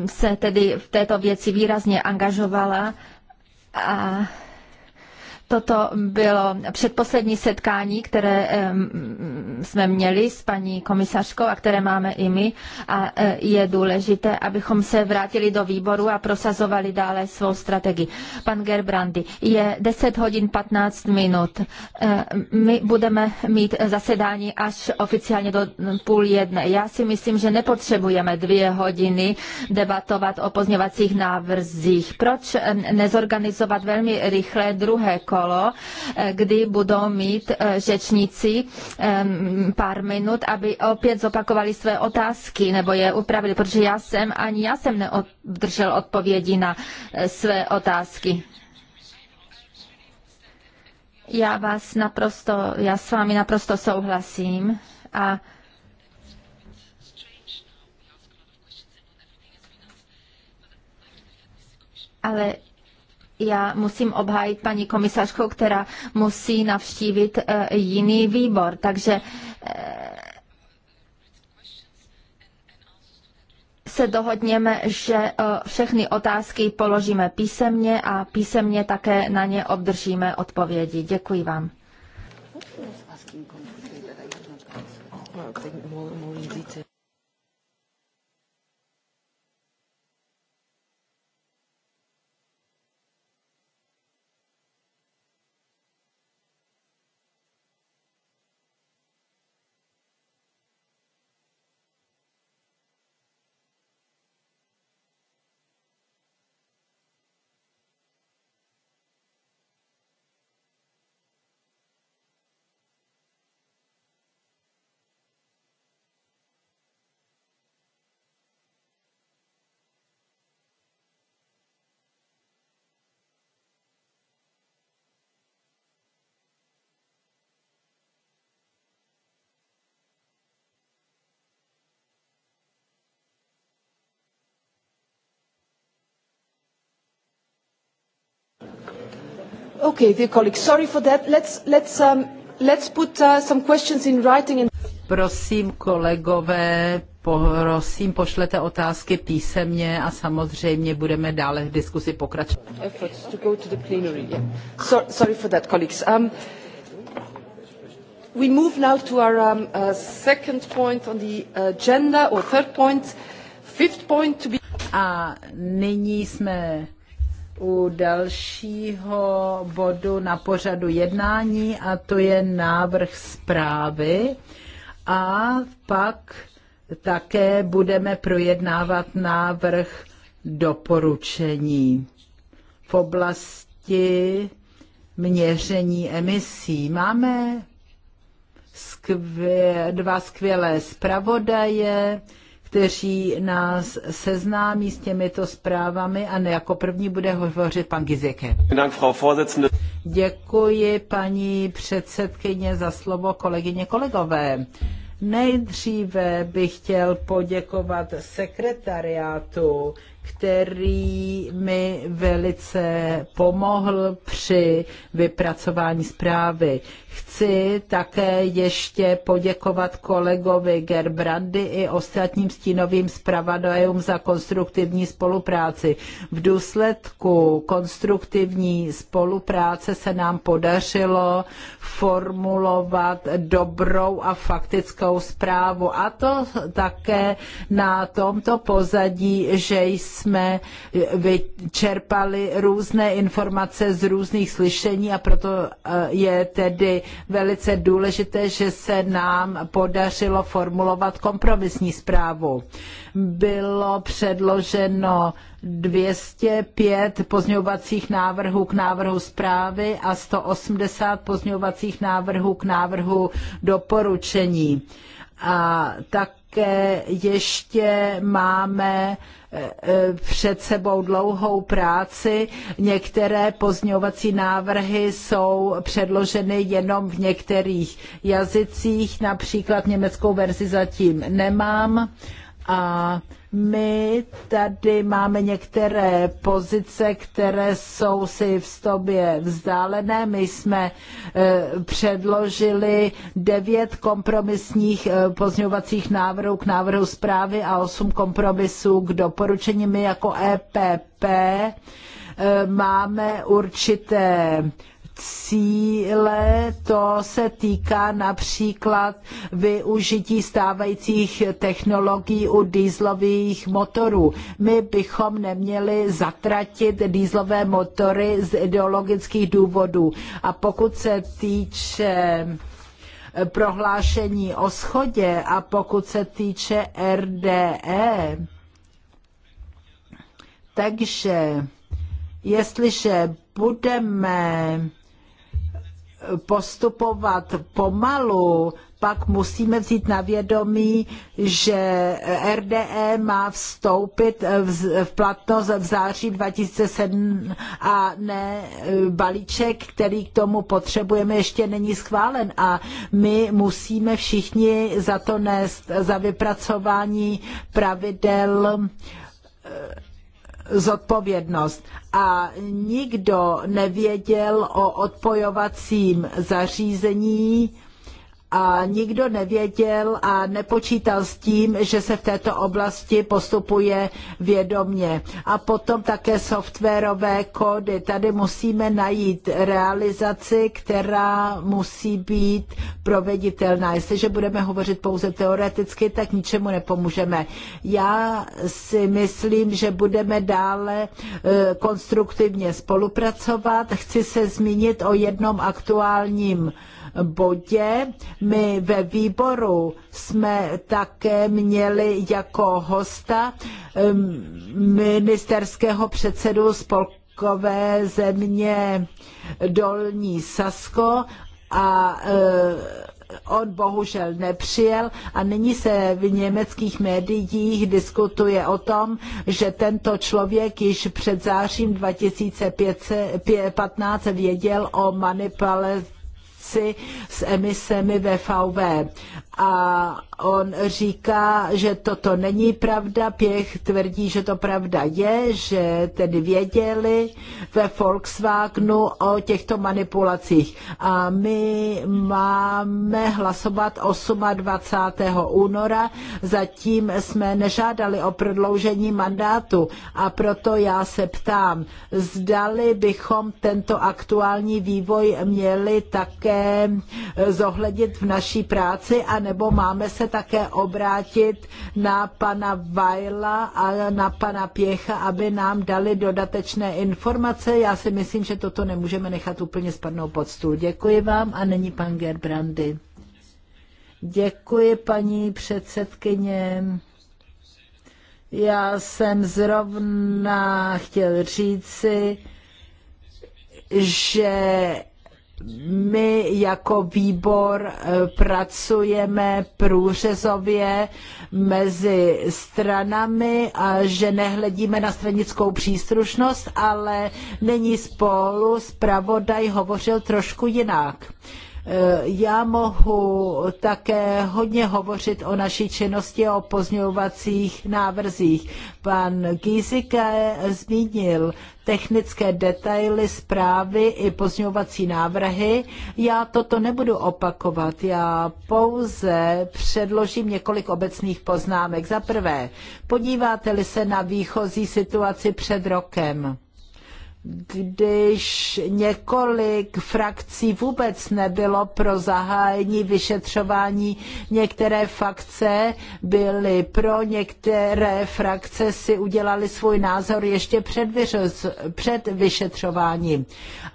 se tedy v této věci výrazně angažovala a Toto bylo předposlední setkání, které jsme měli s paní komisařkou a které máme i my a e, je důležité, abychom se vrátili do výboru a prosazovali dále svou strategii. Pan Gerbrandy, je 10 hodin 15 minut. E, my budeme mít zasedání až oficiálně do půl jedné. Já si myslím, že nepotřebujeme dvě hodiny debatovat o pozněvacích návrzích. Proč nezorganizovat velmi rychle druhé kolo? kolo, eh, kdy budou mít eh, řečníci pár minut, aby opět zopakovali své otázky nebo je upravili, protože já jsem ani já jsem neobdržel odpovědi na eh, své otázky. Já vás naprosto, já s vámi naprosto souhlasím a ale já musím obhájit paní komisařku, která musí navštívit eh, jiný výbor. Takže eh, se dohodněme, že eh, všechny otázky položíme písemně a písemně také na ně obdržíme odpovědi. Děkuji vám. Okay, dear colleagues, sorry for that. Let's, let's, um, let's put uh, some questions in writing. And... Prosím, kolegové, prosím, pošlete otázky písemně a samozřejmě budeme dále v diskusi pokračovat. Efforts to go to the plenary. Yeah. So, sorry for that, colleagues. Um, we move now to our um, uh, second point on the agenda, or third point, fifth point to be... A nyní jsme u dalšího bodu na pořadu jednání a to je návrh zprávy a pak také budeme projednávat návrh doporučení v oblasti měření emisí. Máme skvě, dva skvělé zpravodaje, kteří nás seznámí s těmito zprávami a ne jako první bude hovořit pan Gizike. Děkuji paní předsedkyně za slovo, kolegyně, kolegové. Nejdříve bych chtěl poděkovat sekretariátu který mi velice pomohl při vypracování zprávy. Chci také ještě poděkovat kolegovi Gerbrandy i ostatním stínovým zpravodajům za konstruktivní spolupráci. V důsledku konstruktivní spolupráce se nám podařilo formulovat dobrou a faktickou zprávu. A to také na tomto pozadí, že jsme jsme eh, vyčerpali různé informace z různých slyšení a proto eh, je tedy velice důležité, že se nám podařilo formulovat kompromisní zprávu. Bylo předloženo 205 pozměňovacích návrhů k návrhu zprávy a 180 pozměňovacích návrhů k návrhu doporučení. A tak také ještě máme e, e, před sebou dlouhou práci. Některé pozňovací návrhy jsou předloženy jenom v některých jazycích, například německou verzi zatím nemám a my tady máme některé pozice, které jsou si v sobě vzdálené. My jsme eh, předložili devět kompromisních eh, pozňovacích návrhů k návrhu zprávy a osm kompromisů k doporučení. My jako EPP eh, máme určité cíle, to se týká například využití stávajících technologií u dýzlových motorů. My bychom neměli zatratit dýzlové motory z ideologických důvodů. A pokud se týče prohlášení o schodě a pokud se týče RDE, takže jestliže budeme postupovat pomalu, pak musíme vzít na vědomí, že RDE má vstoupit v platnost v září 2007 a ne e, balíček, který k tomu potřebujeme, ještě není schválen a my musíme všichni za to nést, za vypracování pravidel e, zodpovědnost. A nikdo nevěděl o odpojovacím zařízení, a nikdo nevěděl a nepočítal s tím, že se v této oblasti postupuje vědomně. A potom také softwarové kódy. Tady musíme najít realizaci, která musí být proveditelná. Jestliže budeme hovořit pouze teoreticky, tak ničemu nepomůžeme. Já si myslím, že budeme dále e, konstruktivně spolupracovat. Chci se zmínit o jednom aktuálním bodě. My ve výboru jsme také měli jako hosta ministerského předsedu spolkové země Dolní Sasko a eh, on bohužel nepřijel a nyní se v německých médiích diskutuje o tom, že tento člověk již před zářím 2015 věděl o manipulaci situaci s emisemi ve VV a on říká, že toto není pravda, Pěch tvrdí, že to pravda je, že tedy věděli ve Volkswagenu o těchto manipulacích. A my máme hlasovat 28. února, zatím jsme nežádali o prodloužení mandátu a proto já se ptám, zdali bychom tento aktuální vývoj měli také zohlednit v naší práci a nebo máme se také obrátit na pana Vajla a na pana Pěcha, aby nám dali dodatečné informace. Já si myslím, že toto nemůžeme nechat úplně spadnout pod stůl. Děkuji vám a není pan Gerbrandy. Děkuji, paní předsedkyně. Já jsem zrovna chtěl říci, že my jako výbor eh, pracujeme průřezově mezi stranami a že nehledíme na stranickou příslušnost, ale není spolu, zpravodaj hovořil trošku jinak. Eh, já mohu také hodně hovořit o naší činnosti a o pozměňovacích návrzích. Pan Gízike zmínil technické detaily, zprávy i pozňovací návrhy. Já toto nebudu opakovat, já pouze předložím několik obecných poznámek. Za prvé, podíváte-li se na výchozí situaci před rokem, když několik frakcí vůbec nebylo pro zahájení vyšetřování, některé frakce byly pro, některé frakce si udělali svůj názor ještě před, před vyšetřováním.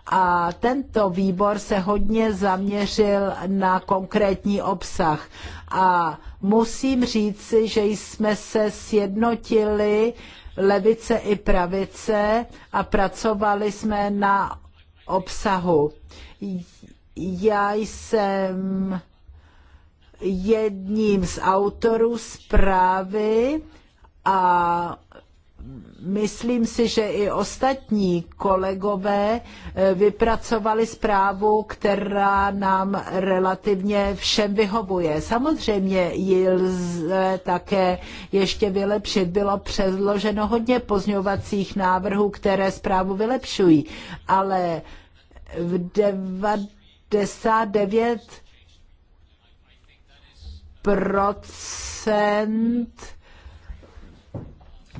A tento výbor se hodně zaměřil na konkrétní obsah. A musím říci, že jsme se sjednotili, levice i pravice a pracovali jsme na obsahu. Já jsem jedním z autorů zprávy a myslím si, že i ostatní kolegové eh, vypracovali zprávu, která nám relativně všem vyhovuje. Samozřejmě ji lze také ještě vylepšit. Bylo předloženo hodně pozňovacích návrhů, které zprávu vylepšují, ale v 99 procent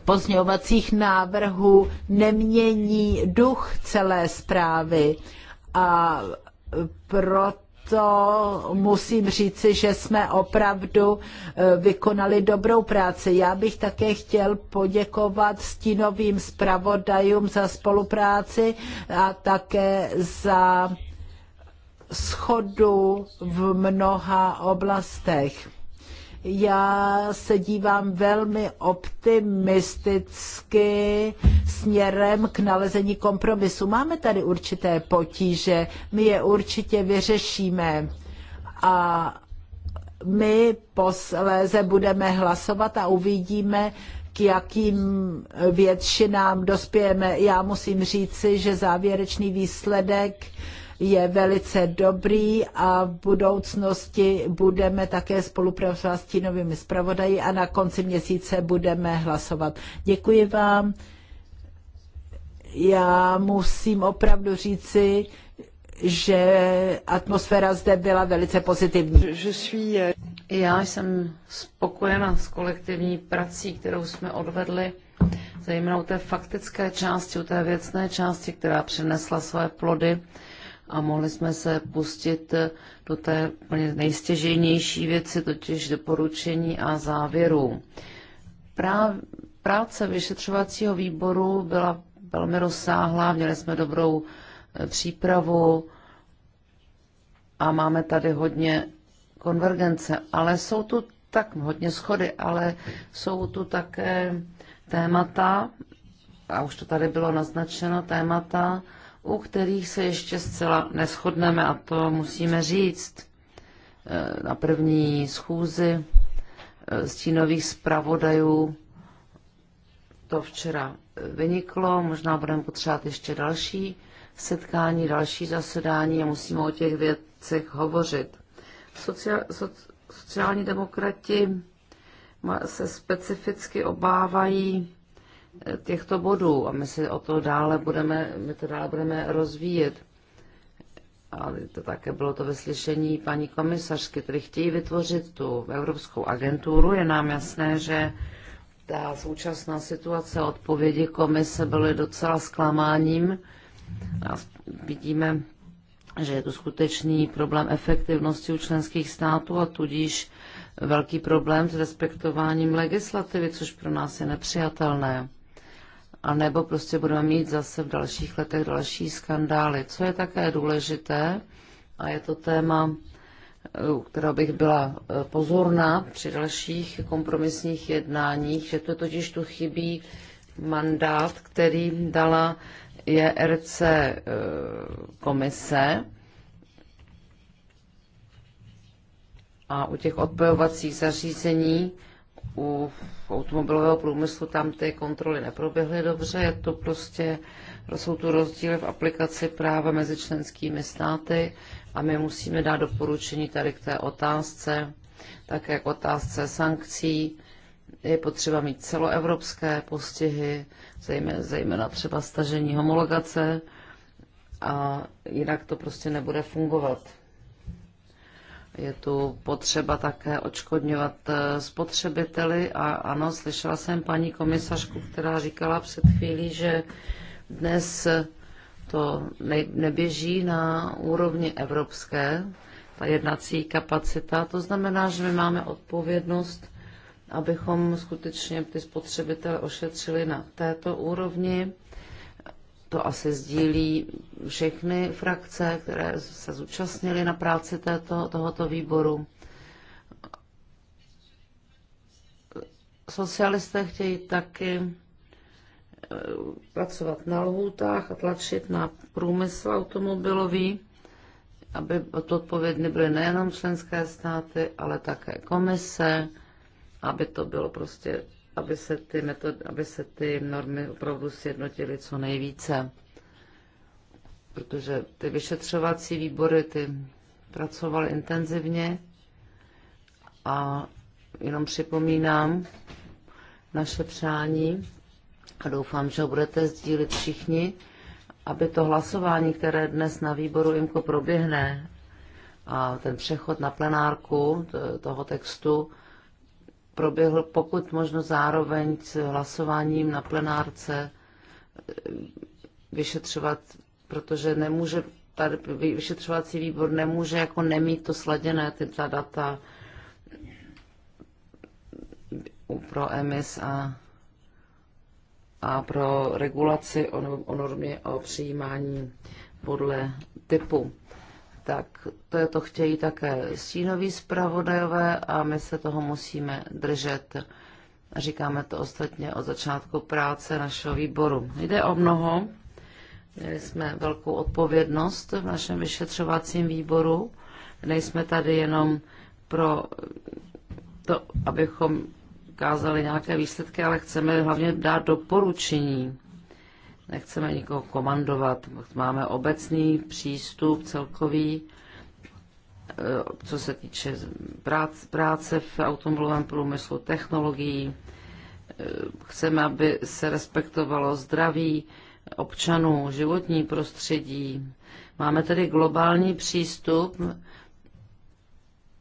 Pozněovacích návrhů nemění duch celé zprávy a proto to musím říci, že jsme opravdu e, vykonali dobrou práci. Já bych také chtěl poděkovat stínovým zpravodajům za spolupráci a také za schodu v mnoha oblastech. Já se dívám velmi optimisticky směrem k nalezení kompromisu. Máme tady určité potíže, my je určitě vyřešíme. A my posléze budeme hlasovat a uvidíme, k jakým většinám dospějeme. Já musím říci, že závěrečný výsledek je velice dobrý a v budoucnosti budeme také spolupracovat s novými zpravodaji a na konci měsíce budeme hlasovat. Děkuji vám. Já musím opravdu říci, že atmosféra zde byla velice pozitivní. Eh, Já jsem spokojena s kolektivní prací, kterou jsme odvedli, zejména u té faktické části, u té věcné části, která přinesla své plody a mohli jsme se pustit do té nejstěžejnější věci, totiž doporučení a závěru. práce vyšetřovacího výboru byla velmi rozsáhlá, měli jsme dobrou eh, přípravu a máme tady hodně konvergence, ale jsou tu tak hodně schody, ale jsou tu také témata, a už to tady bylo naznačeno, témata, u kterých se ještě zcela neschodneme a to musíme říct eh, na první schůzi eh, stínových zpravodajů. To včera eh, vyniklo, možná budeme potřebovat ještě další setkání, další zasedání a musíme o těch věcech hovořit. Socia- so, sociální demokrati se specificky obávají těchto bodů a my si o to dále budeme, my to dále budeme rozvíjet. Ale to také bylo to vyslyšení paní komisařky, který chtějí vytvořit tu Evropskou agenturu. Je nám jasné, že ta současná situace odpovědi komise byly docela zklamáním. A vidíme, že je to skutečný problém efektivnosti u členských států a tudíž velký problém s respektováním legislativy, což pro nás je nepřijatelné anebo prostě budeme mít zase v dalších letech další skandály. Co je také důležité, a je to téma, u kterého bych byla e, pozorná při dalších kompromisních jednáních, že to totiž tu chybí mandát, který dala JRC e e, komise a u těch odpojovacích zařízení u automobilového průmyslu tam ty kontroly neproběhly dobře, je to prostě, jsou tu rozdíly v aplikaci práva mezi členskými státy a my musíme dát doporučení tady k té otázce, tak jak otázce sankcí. Je potřeba mít celoevropské postihy, zejména, zejména třeba stažení homologace a jinak to prostě nebude fungovat. Je tu potřeba také očkodňovat eh, spotřebiteli a ano, slyšela jsem paní komisařku, která říkala před chvílí, že dnes to ne, neběží na úrovni evropské, ta jednací kapacita. To znamená, že my máme odpovědnost, abychom skutečně ty spotřebitele ošetřili na této úrovni to asi sdílí všechny frakce, které se zúčastnily na práci této, tohoto výboru. Socialisté chtějí taky eh, pracovat na lhůtách a tlačit na průmysl automobilový, aby to odpovědny byly nejenom členské státy, ale také komise, aby to bylo prostě aby se ty, metod, aby se ty normy opravdu sjednotily co nejvíce. Protože ty vyšetřovací výbory, ty pracovaly intenzivně a jenom připomínám naše přání a doufám, že ho budete sdílit všichni, aby to hlasování, které dnes na výboru IMKO proběhne a ten přechod na plenárku toho textu, proběhl pokud možno zároveň s hlasováním na plenárce eh, vyšetřovat, protože nemůže, tady vyšetřovací výbor nemůže jako nemít to sladěné, ty ta data pro emis a, a pro regulaci o, no- o normě o přijímání podle typu tak to, je to chtějí také stínoví zpravodajové a my se toho musíme držet. Říkáme to ostatně od začátku práce našeho výboru. Jde o mnoho. Měli jsme velkou odpovědnost v našem vyšetřovacím výboru. Nejsme tady jenom pro to, abychom kázali nějaké výsledky, ale chceme hlavně dát doporučení nechceme nikoho komandovat, máme obecný přístup celkový, eh, co se týče práce v automobilovém průmyslu, technologií. Eh, chceme, aby se respektovalo zdraví občanů, životní prostředí. Máme tedy globální přístup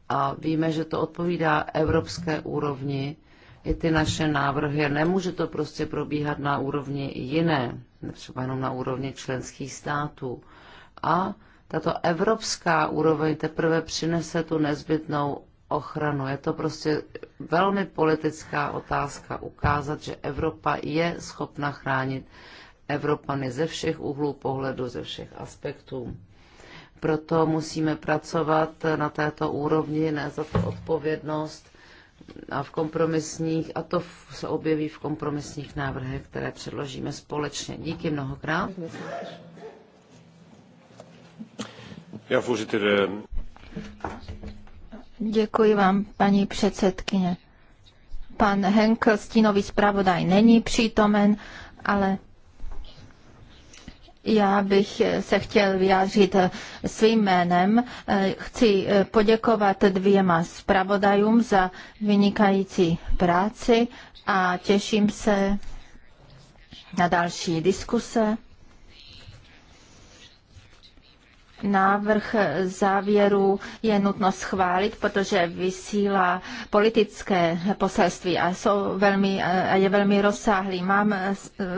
a víme, že to odpovídá evropské úrovni i ty naše návrhy. Nemůže to prostě probíhat na úrovni jiné třeba jenom na úrovni členských států. A tato evropská úroveň teprve přinese tu nezbytnou ochranu. Je to prostě velmi politická otázka ukázat, že Evropa je schopna chránit Evropany ze všech úhlů pohledu, ze všech aspektů. Proto musíme pracovat na této úrovni, ne za tu odpovědnost, a v kompromisních, a to se objeví v kompromisních návrhech, které předložíme společně. Díky mnohokrát. Já eh, Děkuji vám, paní předsedkyně. Pan Henkel, stínový zpravodaj, není přítomen, ale já bych se chtěl vyjádřit svým jménem. Chci poděkovat dvěma zpravodajům za vynikající práci a těším se na další diskuse návrh závěru je nutno schválit, protože vysílá politické poselství a jsou velmi, je velmi rozsáhlý. Mám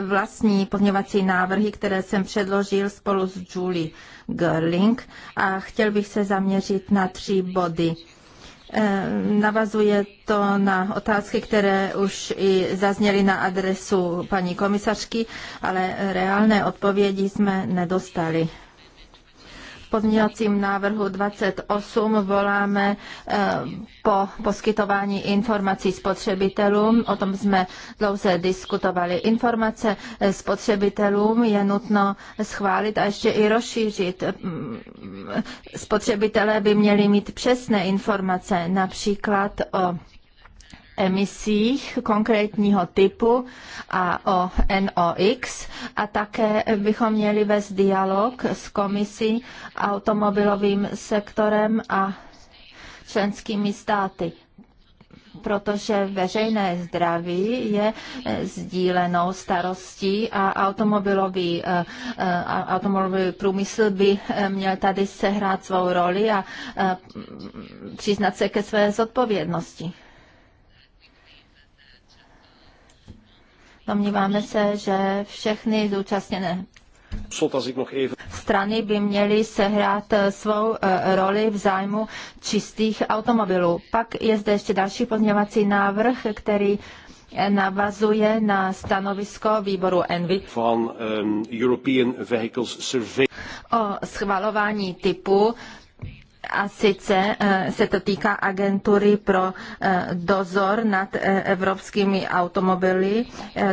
vlastní pozměňovací návrhy, které jsem předložil spolu s Julie Gerling a chtěl bych se zaměřit na tři body. Eh, navazuje to na otázky, které už i zazněly na adresu paní komisařky, ale reálné odpovědi jsme nedostali pozměňovacím návrhu 28 voláme eh, po poskytování informací spotřebitelům. O tom jsme dlouze diskutovali. Informace spotřebitelům je nutno schválit a ještě i rozšířit. Spotřebitelé by měli mít přesné informace, například o emisích konkrétního typu a o NOx a také bychom měli vést dialog s komisí, automobilovým sektorem a členskými státy protože veřejné zdraví je eh, sdílenou starostí a automobilový, eh, eh, automobilový průmysl by měl tady sehrát svou roli a přiznat se ke své zodpovědnosti. Domníváme se, že všechny zúčastněné Strany by měly sehrát svou eh, roli v zájmu čistých automobilů. Pak je zde ještě další pozměňovací návrh, který eh, navazuje na stanovisko výboru ENVI van, ehm, o schvalování typu a sice eh, se to týká agentury pro eh, dozor nad eh, evropskými automobily.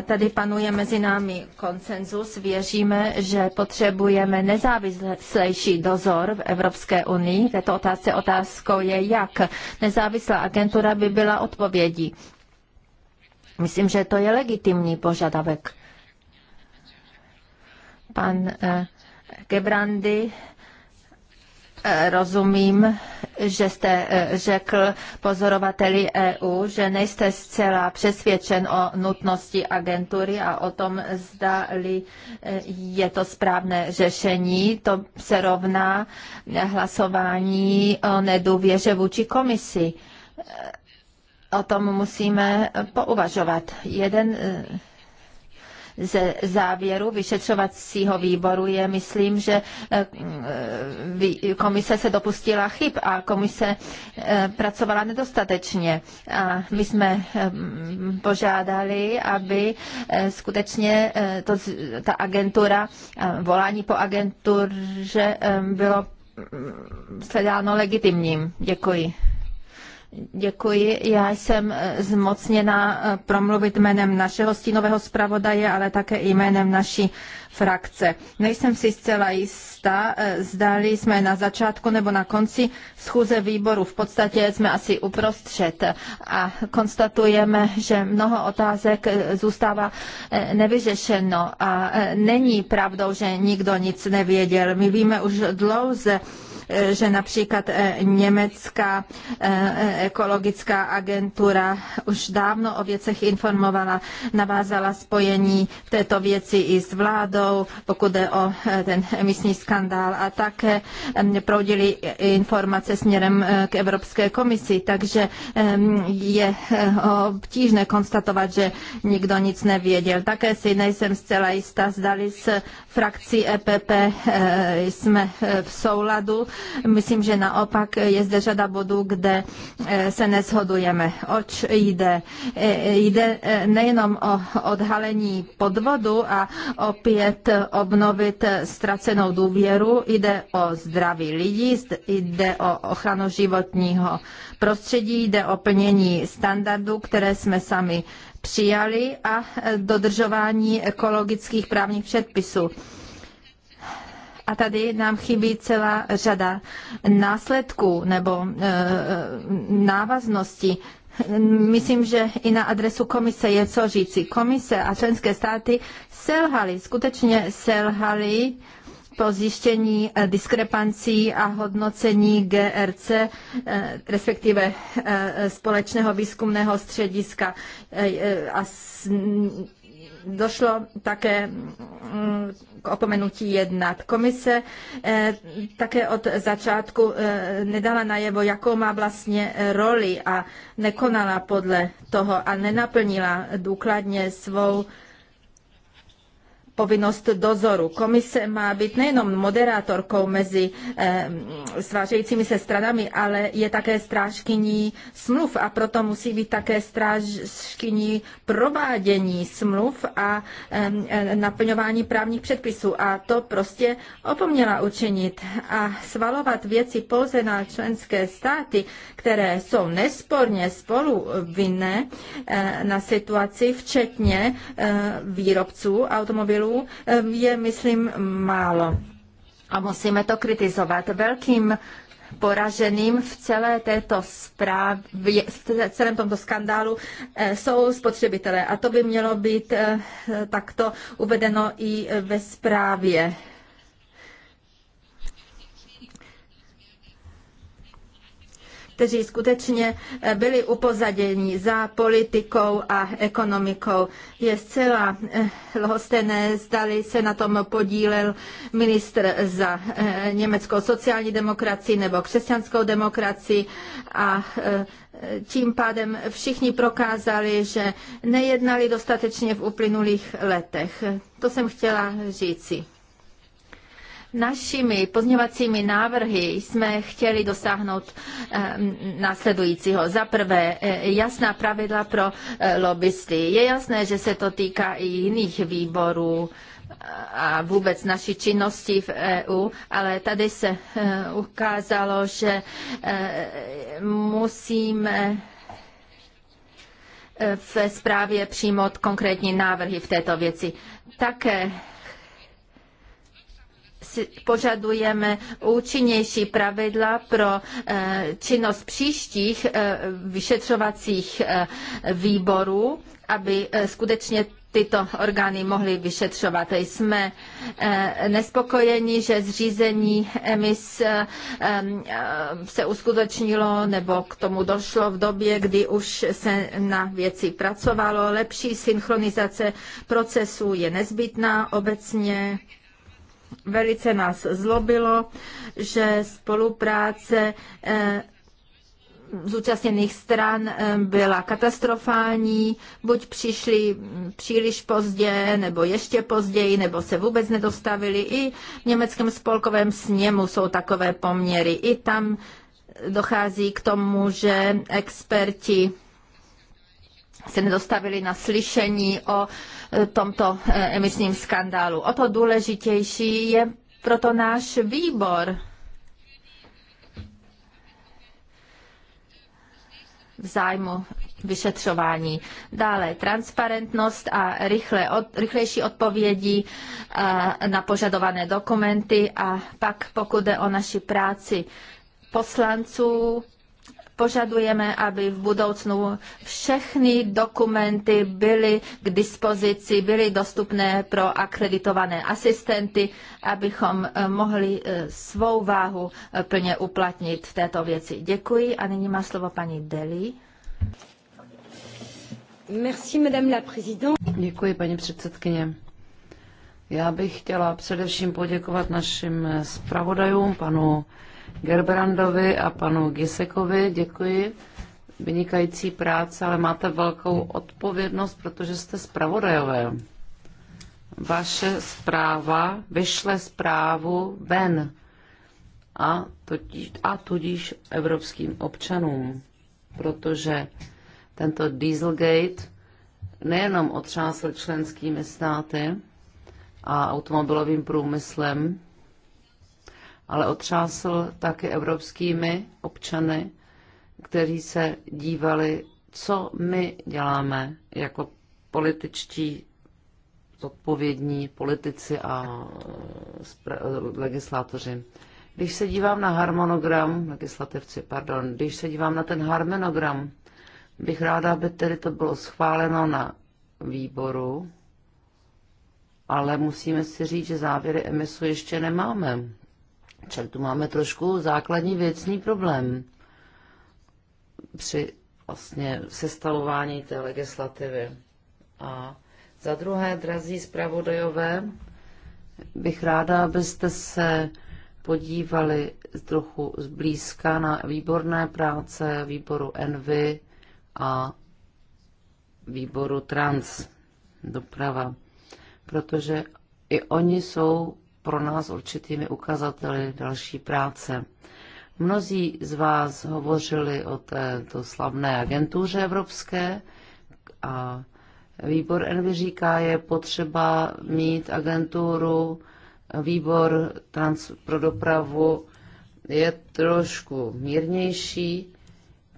Tady panuje mezi námi konsenzus. Věříme, že potřebujeme nezávislejší dozor v Evropské unii. Této otázce otázkou je, jak nezávislá agentura by byla odpovědí. Myslím, že to je legitimní požadavek. Pan Gebrandy rozumím, že jste eh, řekl pozorovateli EU, že nejste zcela přesvědčen o nutnosti agentury a o tom, zda eh, je to správné řešení. To se rovná hlasování o nedůvěře vůči komisi. Eh, o tom musíme pouvažovat. Jeden ze závěru vyšetřovacího výboru je, myslím, že eh, komise se dopustila chyb a komise eh, pracovala nedostatečně. A my jsme eh, požádali, aby skutečně to, ta agentura, volání po agentuře bylo mm, sledáno legitimním. Děkuji. Děkuji. Já jsem e, zmocněna e, promluvit jménem našeho stínového zpravodaje, ale také jménem naší frakce. Nejsem si zcela jistá, e, zdali jsme na začátku nebo na konci schůze výboru. V podstatě jsme asi uprostřed a konstatujeme, že mnoho otázek zůstává nevyřešeno a není pravdou, že nikdo nic nevěděl. My víme už dlouze, Eh, že například eh, německá eh, ekologická agentura už dávno o věcech informovala, navázala spojení v této věci i s vládou, pokud jde o ten emisní skandál a také proudili informace směrem k Evropské komisi, takže ehm, je obtížné konstatovat, že nikdo nic nevěděl. Také si nejsem zcela jistá, zdali s frakcí EPP jsme v souladu Myslím, že naopak je zde řada bodů, kde eh, se neshodujeme. Oč jde? Eh, jde eh, nejenom o odhalení podvodu a opět obnovit ztracenou důvěru, jde o zdraví lidí, jde o ochranu životního prostředí, jde o plnění standardů, které jsme sami přijali a dodržování ekologických právních předpisů. A tady nám chybí celá řada následků nebo e, e návazností. Myslím, že i na adresu komise je co říci. Komise a členské státy selhaly, skutečně selhaly po zjištění e, diskrepancí a hodnocení GRC, e, respektive společného výzkumného střediska a došlo také mm, k opomenutí jednat. Komise eh, také od začátku eh, nedala najevo, jakou má vlastně roli a nekonala podle toho a nenaplnila důkladně svou povinnost dozoru. Komise má být nejenom moderátorkou mezi eh, svářejícími se stranami, ale je také strážkyní smluv a proto musí být také strážkyní provádění smluv a eh, eh, naplňování právních předpisů. A to prostě opomněla učinit. A svalovat věci pouze na členské státy, které jsou nesporně spolu vinné eh, na situaci, včetně eh, výrobců automobilů, cílů eh, je, myslím, málo. A musíme to kritizovat. Velkým poraženým v celé této zprávě, v celém tomto skandálu eh, jsou spotřebitelé. A to by mělo být eh, takto uvedeno i ve zprávě. kteří skutečně eh, byli upozaděni za politikou a ekonomikou. Je zcela eh, lhostené, zdali se na tom podílel ministr za eh, německou sociální demokracii nebo křesťanskou demokracii a tím pádem všichni prokázali, že nejednali dostatečně v uplynulých letech. To jsem chtěla říci. Našimi pozměvacími návrhy jsme chtěli dosáhnout ehm, následujícího. Za prvé, e, jasná pravidla pro e, lobbysty. Je jasné, že se to týká i jiných výborů a vůbec naší činnosti v EU, ale tady se e, ukázalo, že musíme v zprávě přijmout konkrétní návrhy v této věci. Také požadujeme účinnější pravidla pro eh, činnost příštích eh, vyšetřovacích eh, výborů, aby skutečně tyto orgány mohly vyšetřovat. Jsme nespokojeni, že zřízení emis se uskutečnilo nebo k tomu došlo v době, kdy už se na věci pracovalo. Lepší synchronizace procesů je nezbytná obecně Velice nás zlobilo, že spolupráce eh, zúčastněných stran eh, byla katastrofální, buď přišli mm, příliš pozdě, nebo ještě později, nebo se vůbec nedostavili. I v německém spolkovém sněmu jsou takové poměry. I tam dochází k tomu, že experti se nedostavili na slyšení o e, tomto e, emisním skandálu. O to důležitější je proto náš výbor. v zájmu vyšetřování. Dále transparentnost a rychle od, rychlejší odpovědi e, na požadované dokumenty a pak pokud jde o naši práci poslanců, Požadujeme, aby v budoucnu všechny dokumenty byly k dispozici, byly dostupné pro akreditované asistenty, abychom eh, mohli eh, svou váhu eh, plně uplatnit v této věci. Děkuji a nyní má slovo paní Deli. Merci, madame la Děkuji, paní předsedkyně. Já bych chtěla především poděkovat našim zpravodajům, panu Gerbrandovi a panu Gisekovi. Děkuji. Vynikající práce, ale máte velkou odpovědnost, protože jste zpravodajové. Vaše zpráva vyšle zprávu ven a, totiž, a tudíž evropským občanům, protože tento Dieselgate nejenom otřásl členskými státy a automobilovým průmyslem, ale otřásl také evropskými občany, kteří se dívali, co my děláme jako političtí odpovědní politici a legislátoři. Když se dívám na harmonogram, legislativci, pardon, když se dívám na ten harmonogram, bych ráda, aby tedy to bylo schváleno na výboru, ale musíme si říct, že závěry emisu ještě nemáme. Čili tu máme trošku základní věcný problém při vlastně sestavování té legislativy. A za druhé, drazí zpravodajové, bych ráda, abyste se podívali trochu zblízka na výborné práce výboru Envy a výboru Trans doprava, protože i oni jsou pro nás určitými ukazateli další práce. Mnozí z vás hovořili o této slavné agentuře evropské a výbor Envy říká, je potřeba mít agenturu, výbor trans pro dopravu je trošku mírnější,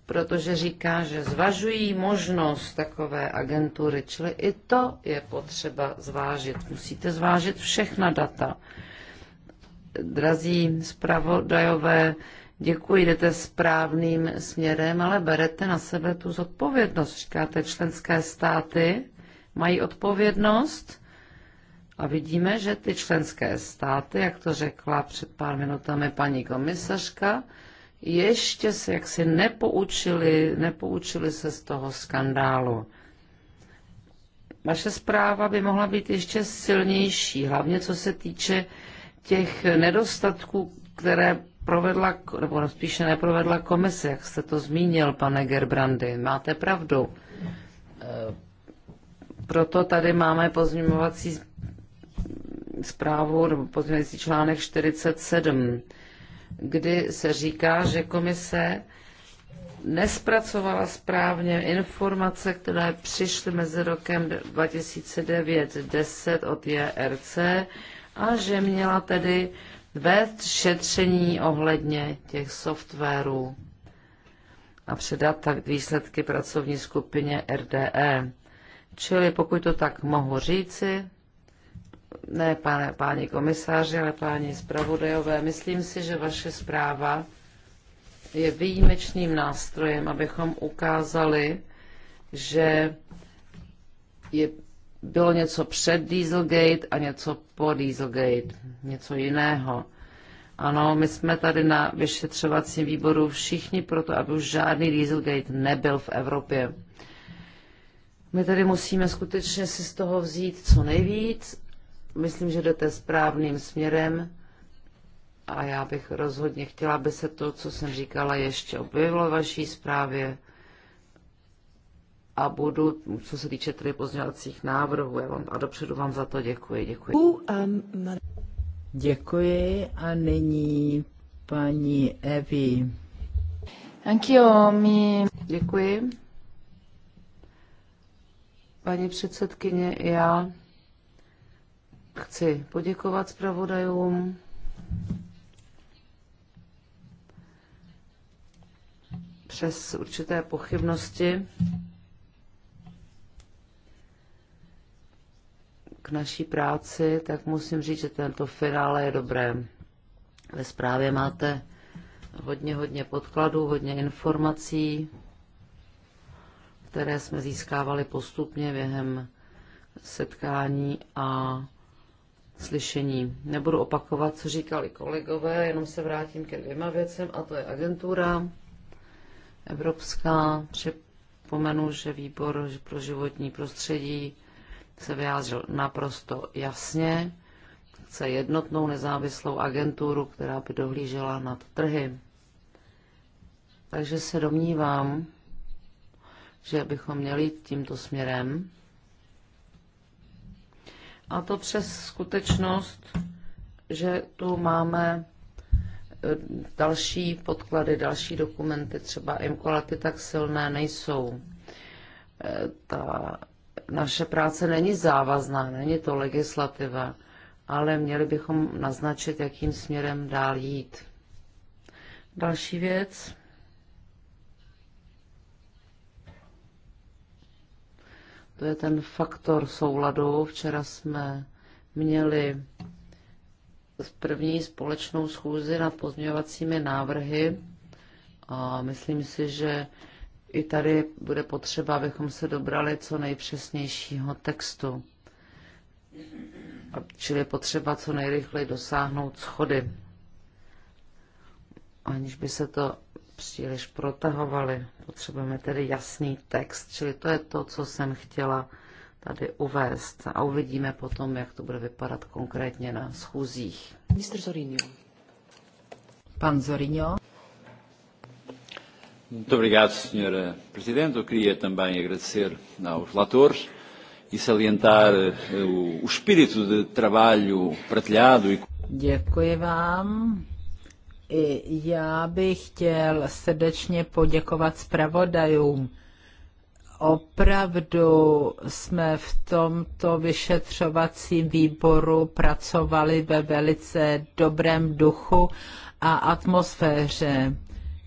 protože říká, že zvažují možnost takové agentury, čili i to je potřeba zvážit. Musíte zvážit všechna data. Drazí zpravodajové, děkuji, jdete správným směrem, ale berete na sebe tu zodpovědnost. Říkáte, členské státy mají odpovědnost a vidíme, že ty členské státy, jak to řekla před pár minutami paní komisařka, ještě se jaksi nepoučili, nepoučili se z toho skandálu. Vaše zpráva by mohla být ještě silnější, hlavně co se týče těch nedostatků, které provedla, nebo spíše neprovedla komise, jak jste to zmínil, pane Gerbrandy. Máte pravdu. Eh, proto tady máme pozměňovací zprávu, nebo pozměňovací článek 47 kdy se říká, že komise nespracovala správně informace, které přišly mezi rokem 2009-10 od JRC a že měla tedy vést šetření ohledně těch softwarů a předat tak výsledky pracovní skupině RDE. Čili pokud to tak mohu říci, ne pane, páni komisáři, ale páni zpravodajové, myslím si, že vaše zpráva je výjimečným nástrojem, abychom ukázali, že je, bylo něco před Dieselgate a něco po Dieselgate, něco jiného. Ano, my jsme tady na vyšetřovacím výboru všichni proto, aby už žádný Dieselgate nebyl v Evropě. My tady musíme skutečně si z toho vzít co nejvíc Myslím, že jdete správným směrem a já bych rozhodně chtěla, aby se to, co jsem říkala, ještě objevilo vaší zprávě a budu, co se týče tedy pozdělacích návrhů, já vám, a dopředu vám za to děkuji. Děkuji. Um, děkuji a nyní paní Evi. Děkuji. Paní předsedkyně, já Chci poděkovat zpravodajům. Přes určité pochybnosti k naší práci, tak musím říct, že tento finále je dobré. Ve zprávě máte hodně, hodně podkladů, hodně informací, které jsme získávali postupně během setkání a slyšení. Nebudu opakovat, co říkali kolegové, jenom se vrátím ke dvěma věcem, a to je agentura evropská. Připomenu, že výbor pro životní prostředí se vyjádřil naprosto jasně. Chce jednotnou nezávislou agenturu, která by dohlížela nad trhy. Takže se domnívám, že bychom měli jít tímto směrem. A to přes skutečnost, že tu máme e, další podklady, další dokumenty, třeba imkolaty tak silné nejsou. E, ta naše práce není závazná, není to legislativa, ale měli bychom naznačit, jakým směrem dál jít. Další věc. To je ten faktor souladu. Včera jsme měli první společnou schůzi nad pozměňovacími návrhy a myslím si, že i tady bude potřeba, abychom se dobrali co nejpřesnějšího textu. Čili je potřeba co nejrychleji dosáhnout schody, aniž by se to příliš protahovali. Potřebujeme tedy jasný text, čili to je to, co jsem chtěla tady uvést. A uvidíme potom, jak to bude vypadat konkrétně na schůzích. Mr. Zorinio. Pan Zorinio. Muito obrigado, Sra. Presidente. Eu queria também agradecer aos relatores e salientar eh, o, o espírito de trabalho partilhado. E... Děkuji vám. Já bych chtěl srdečně poděkovat zpravodajům. Opravdu jsme v tomto vyšetřovacím výboru pracovali ve velice dobrém duchu a atmosféře.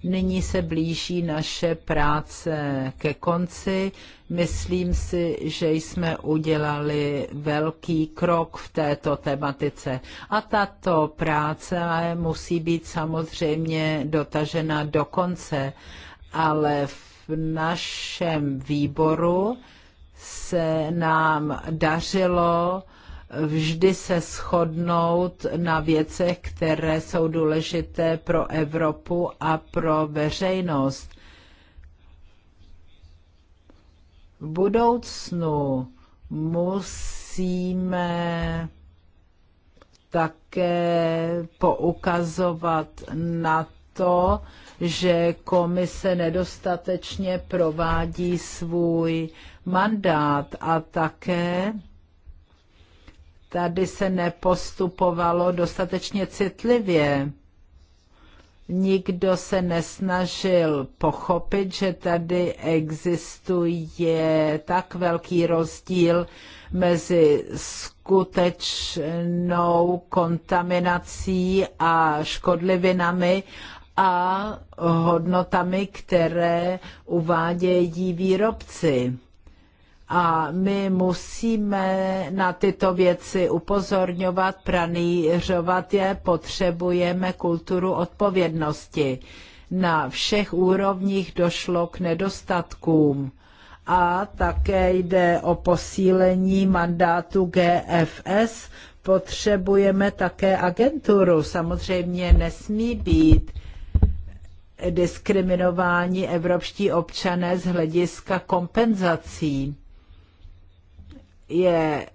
Nyní se blíží naše práce ke konci. Myslím si, že jsme udělali velký krok v této tematice. A tato práce musí být samozřejmě dotažena do konce, ale v našem výboru se nám dařilo vždy se shodnout na věcech, které jsou důležité pro Evropu a pro veřejnost. V budoucnu musíme také poukazovat na to, že komise nedostatečně provádí svůj mandát a také tady se nepostupovalo dostatečně citlivě. Nikdo se nesnažil pochopit, že tady existuje tak velký rozdíl mezi skutečnou kontaminací a škodlivinami a hodnotami, které uvádějí výrobci. A my musíme na tyto věci upozorňovat, pranířovat je, potřebujeme kulturu odpovědnosti. Na všech úrovních došlo k nedostatkům a také jde o posílení mandátu GFS. Potřebujeme také agenturu. Samozřejmě nesmí být diskriminováni evropští občané z hlediska kompenzací je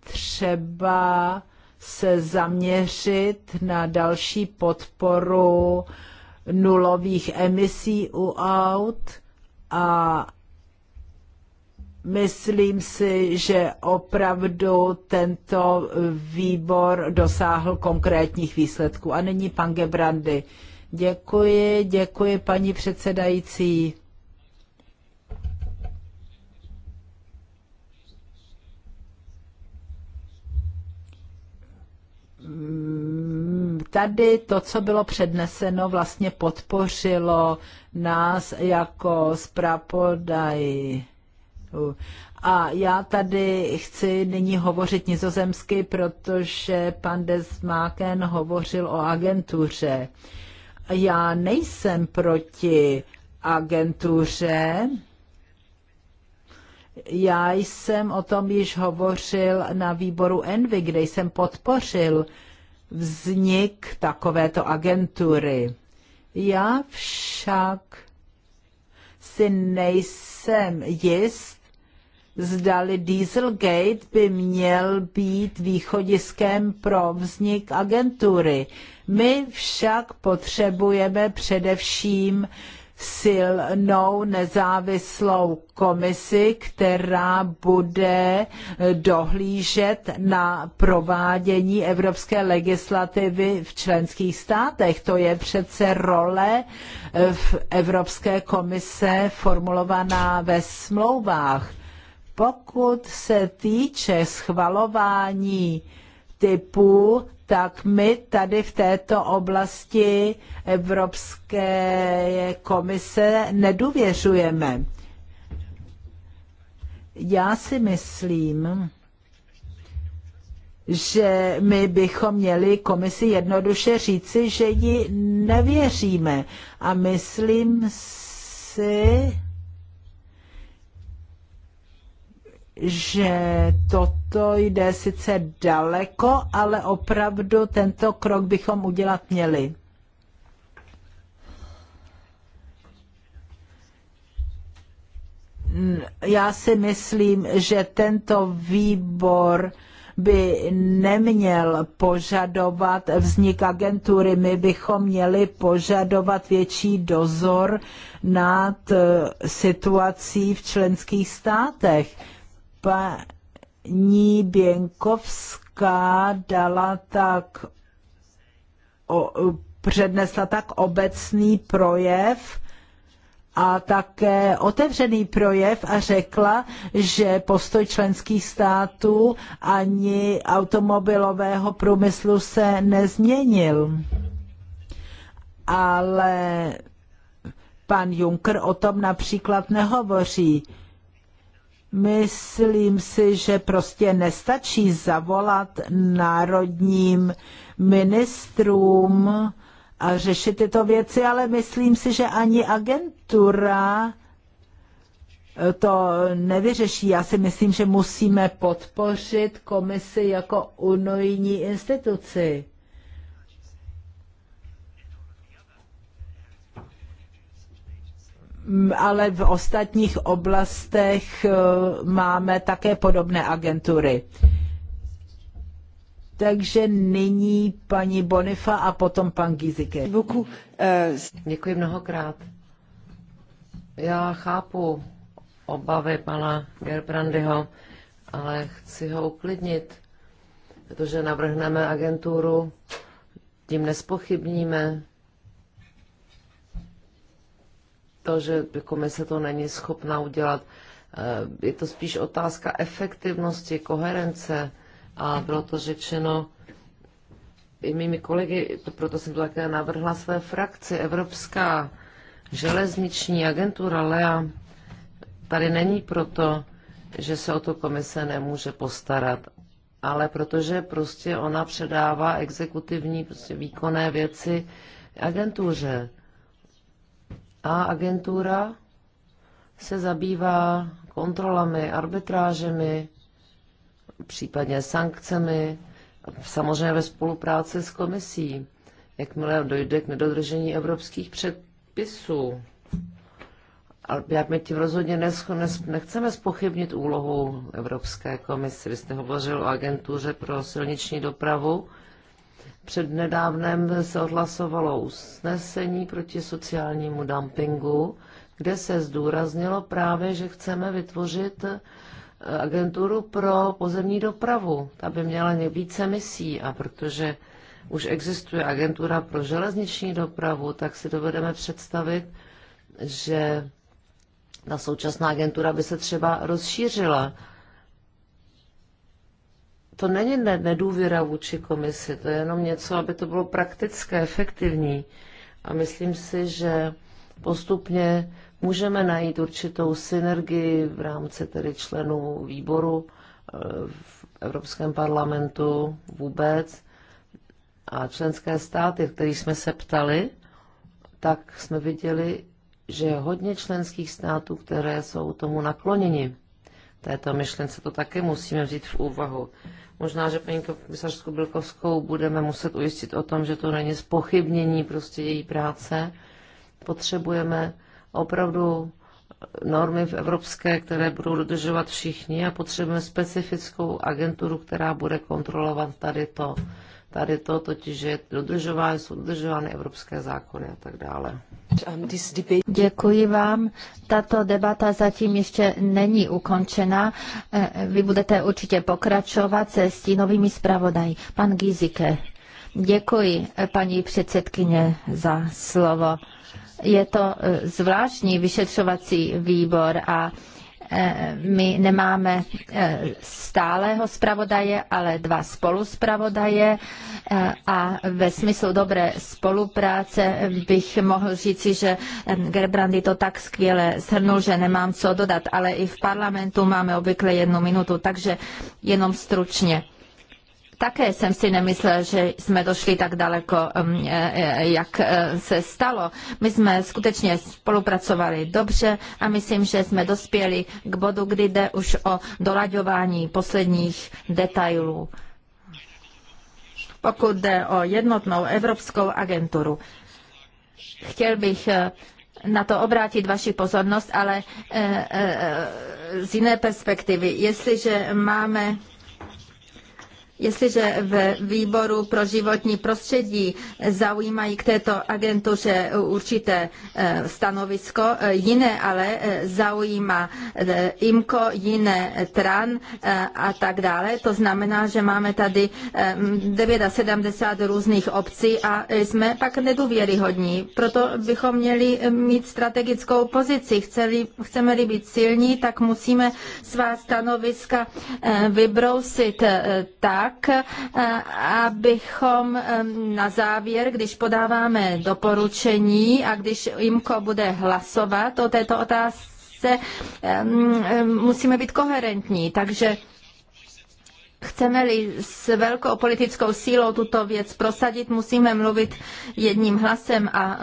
třeba se zaměřit na další podporu nulových emisí u aut a myslím si, že opravdu tento výbor dosáhl konkrétních výsledků. A nyní pan Gebrandy. Děkuji, děkuji paní předsedající. Mm, tady to, co bylo předneseno, vlastně podpořilo nás jako zprapodaj. A já tady chci nyní hovořit nizozemsky, protože pan Desmáken hovořil o agentuře. Já nejsem proti agentuře, já jsem o tom již hovořil na výboru Envy, kde jsem podpořil vznik takovéto agentury. Já však si nejsem jist, zdali Dieselgate by měl být východiskem pro vznik agentury. My však potřebujeme především silnou nezávislou komisi, která bude eh, dohlížet na provádění evropské legislativy v členských státech. To je přece role eh, v Evropské komise formulovaná ve smlouvách. Pokud se týče schvalování typu, tak my tady v této oblasti Evropské komise nedůvěřujeme. Já si myslím, že my bychom měli komisi jednoduše říci, že ji nevěříme. A myslím si, že toto jde sice daleko, ale opravdu tento krok bychom udělat měli. Já si myslím, že tento výbor by neměl požadovat vznik agentury. My bychom měli požadovat větší dozor nad eh, situací v členských státech Paní Běnkovská dala tak o, přednesla tak obecný projev a také otevřený projev a řekla, že postoj členských států ani automobilového průmyslu se nezměnil. Ale pan Juncker o tom například nehovoří. Myslím si, že prostě nestačí zavolat národním ministrům a řešit tyto věci, ale myslím si, že ani agentura to nevyřeší. Já si myslím, že musíme podpořit komisi jako unijní instituci. Mm, ale v ostatních oblastech eh, máme také podobné agentury. Takže nyní paní Bonifa a potom pan Gizike. Eh, Děkuji mnohokrát. Já chápu obavy pana Gerbrandyho, ale chci ho uklidnit, protože navrhneme agenturu, tím nespochybníme to, že jako komise to není schopná udělat. Eh, je to spíš otázka efektivnosti, koherence a bylo to řečeno i mými kolegy, to proto jsem to také navrhla své frakci, Evropská železniční agentura LEA tady není proto, že se o to komise nemůže postarat, ale protože prostě ona předává exekutivní prostě výkonné věci agentuře. A agentura se zabývá kontrolami, arbitrážemi, případně sankcemi, samozřejmě ve spolupráci s komisí, jakmile dojde k nedodržení evropských předpisů. Ale my tím rozhodně nechceme spochybnit úlohu Evropské komise. Vy jste hovořil o agentuře pro silniční dopravu. Přednedávnem se odhlasovalo usnesení proti sociálnímu dumpingu, kde se zdůraznilo právě, že chceme vytvořit eh, agenturu pro pozemní dopravu. Ta by měla více misí a protože už existuje agentura pro železniční dopravu, tak si dovedeme představit, že ta současná agentura by se třeba rozšířila to není nedůvěra vůči komisi, to je jenom něco, aby to bylo praktické, efektivní. A myslím si, že postupně můžeme najít určitou synergii v rámci tedy členů výboru eh, v Evropském parlamentu vůbec a členské státy, který kterých jsme se ptali, tak jsme viděli, že je hodně členských států, které jsou tomu nakloněni. Této myšlence to také musíme vzít v úvahu. Možná, že paní komisařskou Bilkovskou budeme muset ujistit o tom, že to není zpochybnění prostě její práce. Potřebujeme opravdu normy v evropské, které budou dodržovat všichni a potřebujeme specifickou agenturu, která bude kontrolovat tady to. Tady to totiž že dodržovány, jsou dodržovány evropské zákony a tak dále. Um, děkuji vám. Tato debata zatím ještě není ukončena. Eh, vy budete určitě pokračovat se stínovými zpravodaji. Pan Gizike. Děkuji, eh, paní předsedkyně, za slovo. Je to eh, zvláštní vyšetřovací výbor a Eh, my nemáme eh, stálého zpravodaje, ale dva spoluzpravodaje eh, a ve smyslu dobré spolupráce bych mohl říci, že Gerbrandy to tak skvěle shrnul, že nemám co dodat, ale i v parlamentu máme obvykle jednu minutu, takže jenom stručně. Také jsem si nemyslel, že jsme došli tak daleko, um, e, e, jak e, se stalo. My jsme skutečně spolupracovali dobře a myslím, že jsme dospěli k bodu, kdy jde už o dolaďování posledních detailů. Pokud jde o jednotnou evropskou agenturu, chtěl bych na to obrátit vaši pozornost, ale z jiné perspektivy. Jestliže máme Jestliže ve výboru pro životní prostředí zaujímají k této agentuře určité eh, stanovisko, eh, jiné ale eh, zaujímá IMCO, jiné TRAN a tak dále. To znamená, že máme tady 79 různých obcí a jsme pak nedůvěryhodní. Proto bychom měli mít strategickou pozici. Chceme-li být silní, tak musíme svá stanoviska vybrousit tak, tak, eh, abychom na závěr, když podáváme doporučení a když IMKO bude hlasovat o této otázce, musíme být koherentní. Takže Chceme-li s velkou politickou sílou tuto věc prosadit, musíme mluvit jedním hlasem a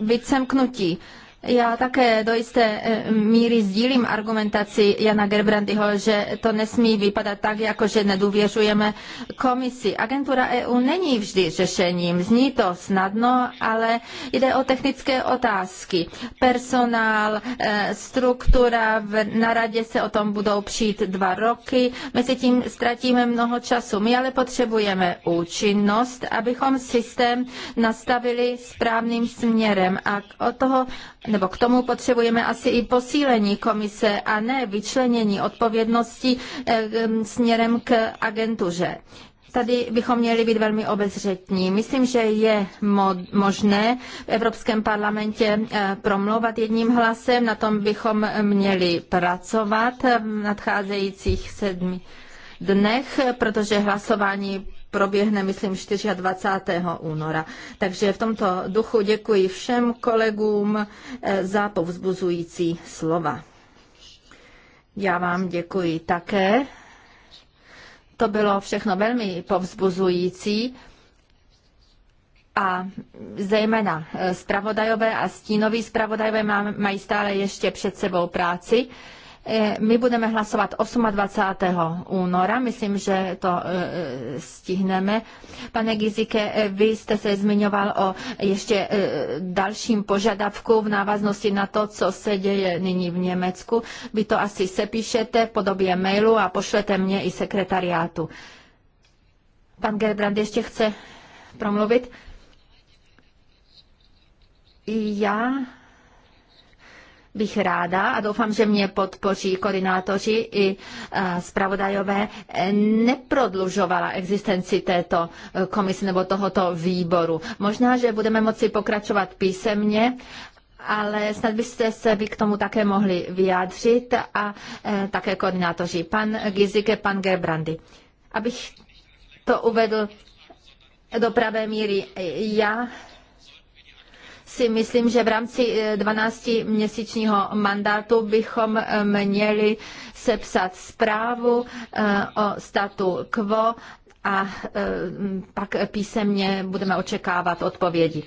být semknutí. Já také do jisté eh, míry sdílím argumentaci Jana Gerbrandyho, že to nesmí vypadat tak, jako že nedůvěřujeme komisi. Agentura EU není vždy řešením, zní to snadno, ale jde o technické otázky. Personál, eh, struktura, na radě se o tom budou přijít dva roky, mezi tím ztratíme mnoho času. My ale potřebujeme účinnost, abychom systém nastavili správným směrem a od toho nebo k tomu potřebujeme asi i posílení komise a ne vyčlenění odpovědnosti eh, směrem k agentuře. Tady bychom měli být velmi obezřetní. Myslím, že je možné v Evropském parlamentě eh, promlouvat jedním hlasem, na tom bychom měli pracovat v nadcházejících sedmi dnech, protože hlasování proběhne, myslím, 24. února. Takže v tomto duchu děkuji všem kolegům eh, za povzbuzující slova. Já vám děkuji také. To bylo všechno velmi povzbuzující a zejména eh, zpravodajové a stínoví zpravodajové mají stále ještě před sebou práci. E, my budeme hlasovat 28. února, myslím, že to e, stihneme. Pane Gizike, e, vy jste se zmiňoval o ještě dalším požadavku v návaznosti na to, co se děje nyní v Německu. Vy to asi sepíšete v podobě mailu a pošlete mě i sekretariátu. Pan Gerbrand ještě chce promluvit. Já bych ráda a doufám, že mě podpoří koordinátoři i e, zpravodajové, neprodlužovala existenci této e, komise nebo tohoto výboru. Možná, že budeme moci pokračovat písemně, ale snad byste se vy k tomu také mohli vyjádřit a e, také koordinátoři. Pan Gizike, pan Gerbrandy. Abych to uvedl do pravé míry. Já si myslím, že v rámci 12-měsíčního eh, mandátu bychom eh, měli sepsat zprávu eh, o statu quo a pak písemně budeme očekávat odpovědi.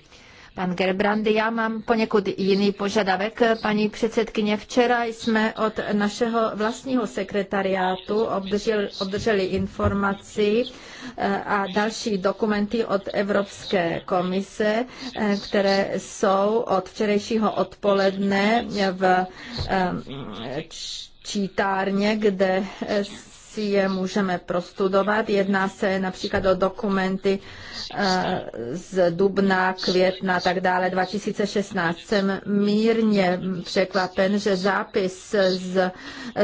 Pan Gerbrandy, já mám poněkud jiný požadavek. Paní předsedkyně, včera jsme od našeho vlastního sekretariátu obdrželi, obdrželi informaci eh, a další dokumenty od Evropské komise, eh, které jsou od včerejšího odpoledne v eh, čítárně, kde si je můžeme prostudovat. Jedná se například o dokumenty eh, z dubna, května a tak dále 2016. Jsem mírně překvapen, že zápis z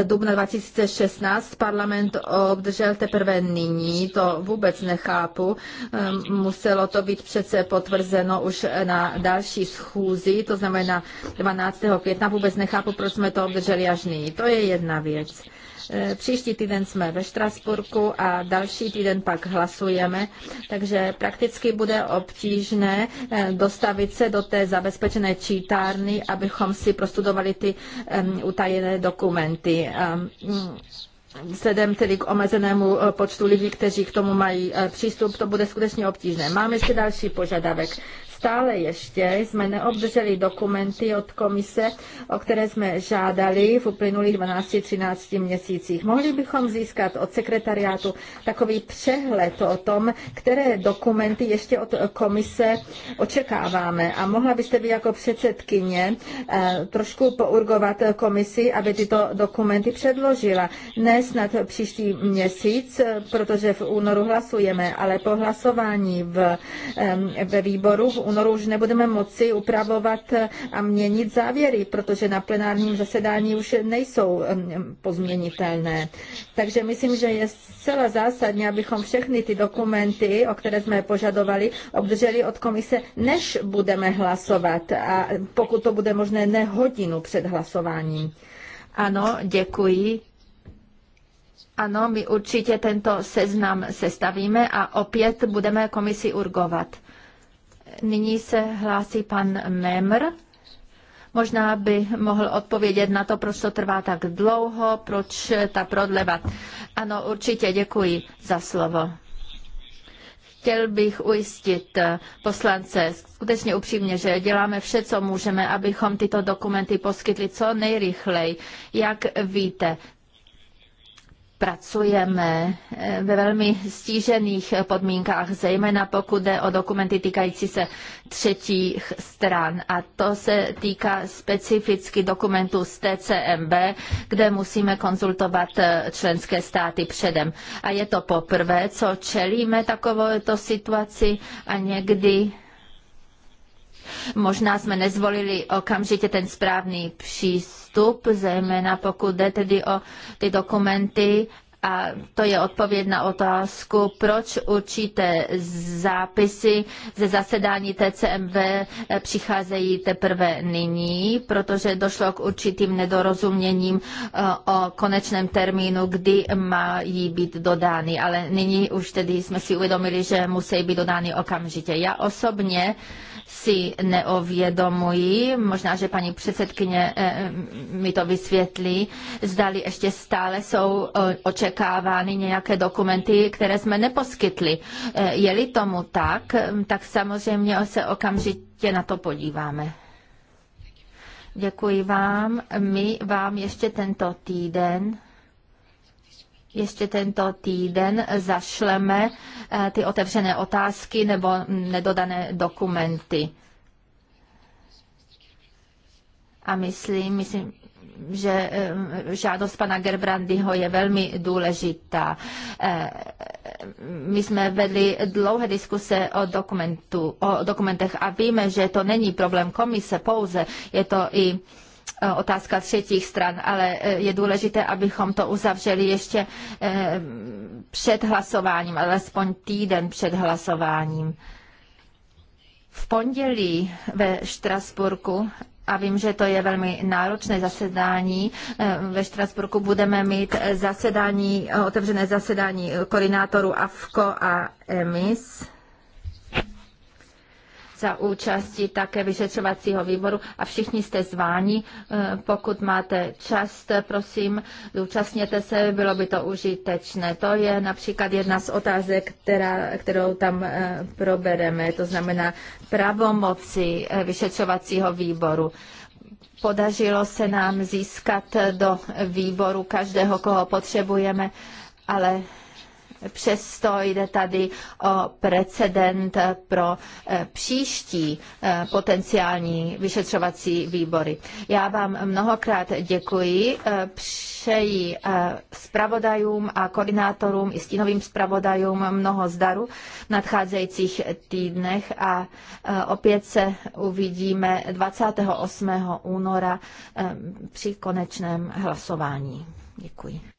dubna 2016 parlament obdržel teprve nyní. To vůbec nechápu. Eh, muselo to být přece potvrzeno už na další schůzi, to znamená 12. května. Vůbec nechápu, proč jsme to obdrželi až nyní. To je jedna věc. E, příští týden jsme ve Štrasburku a další týden pak hlasujeme, takže prakticky bude obtížné e, dostavit se do té zabezpečené čítárny, abychom si prostudovali ty utajené dokumenty mm, vzhledem tedy k omezenému e, počtu lidí, kteří k tomu mají přístup, to bude skutečně obtížné. Máme ještě další požadavek. Stále ještě jsme neobdrželi dokumenty od komise, o které jsme žádali v uplynulých 12-13 měsících. Mohli bychom získat od sekretariátu takový přehled o tom, které dokumenty ještě od komise očekáváme. A mohla byste vy jako předsedkyně eh, trošku pourgovat komisi, aby tyto dokumenty předložila. Ne snad příští měsíc, protože v únoru hlasujeme, ale po hlasování v, ve výboru v únoru únoru už nebudeme moci upravovat a měnit závěry, protože na plenárním zasedání už nejsou pozměnitelné. Takže myslím, že je zcela zásadní, abychom všechny ty dokumenty, o které jsme požadovali, obdrželi od komise, než budeme hlasovat a pokud to bude možné, ne hodinu před hlasováním. Ano, děkuji. Ano, my určitě tento seznam sestavíme a opět budeme komisi urgovat. Nyní se hlásí pan Memr. Možná by mohl odpovědět na to, proč to trvá tak dlouho, proč ta prodleva. Ano, určitě děkuji za slovo. Chtěl bych ujistit eh, poslance skutečně upřímně, že děláme vše, co můžeme, abychom tyto dokumenty poskytli co nejrychleji. Jak víte, pracujeme eh, ve velmi stížených podmínkách, zejména pokud jde o dokumenty týkající se třetích stran. A to se týká specificky dokumentů z TCMB, kde musíme konzultovat eh, členské státy předem. A je to poprvé, co čelíme takovéto situaci a někdy Možná jsme nezvolili okamžitě ten správný přístup, zejména pokud jde tedy o ty dokumenty a to je odpověď na otázku, proč určité zápisy ze zasedání TCMV přicházejí teprve nyní, protože došlo k určitým nedorozuměním eh, o konečném termínu, kdy mají být dodány. Ale nyní už tedy jsme si uvědomili, že musí být dodány okamžitě. Já osobně si neovědomují, možná, že paní předsedkyně eh, mi to vysvětlí, zdali ještě stále jsou eh, očekávány nějaké dokumenty, které jsme neposkytli. Eh, je-li tomu tak, tak samozřejmě se okamžitě na to podíváme. Děkuji vám. My vám ještě tento týden ještě tento týden zašleme eh, ty otevřené otázky nebo nedodané dokumenty. A myslím, myslím, že eh, žádost pana Gerbrandyho je velmi důležitá. Eh, my jsme vedli dlouhé diskuse o, dokumentu, o dokumentech a víme, že to není problém komise pouze, je to i Eh, otázka třetích stran, ale eh, je důležité, abychom to uzavřeli ještě eh, před hlasováním, alespoň týden před hlasováním. V pondělí ve Štrasburku a vím, že to je velmi náročné zasedání. Ve Štrasburku budeme mít zasedání, otevřené zasedání koordinátorů AFKO a EMIS za účasti také vyšetřovacího výboru a všichni jste zváni. Eh, pokud máte čas, prosím, zúčastněte se, bylo by to užitečné. To je například jedna z otázek, která, kterou tam eh, probereme, to znamená pravomoci eh, vyšetřovacího výboru podařilo se nám získat do výboru každého, koho potřebujeme, ale Přesto jde tady o precedent pro eh, příští eh, potenciální vyšetřovací výbory. Já vám mnohokrát děkuji, eh, přeji zpravodajům a koordinátorům i stínovým zpravodajům mnoho zdaru v nadcházejících týdnech a opět se uvidíme 28. února při konečném hlasování. Děkuji.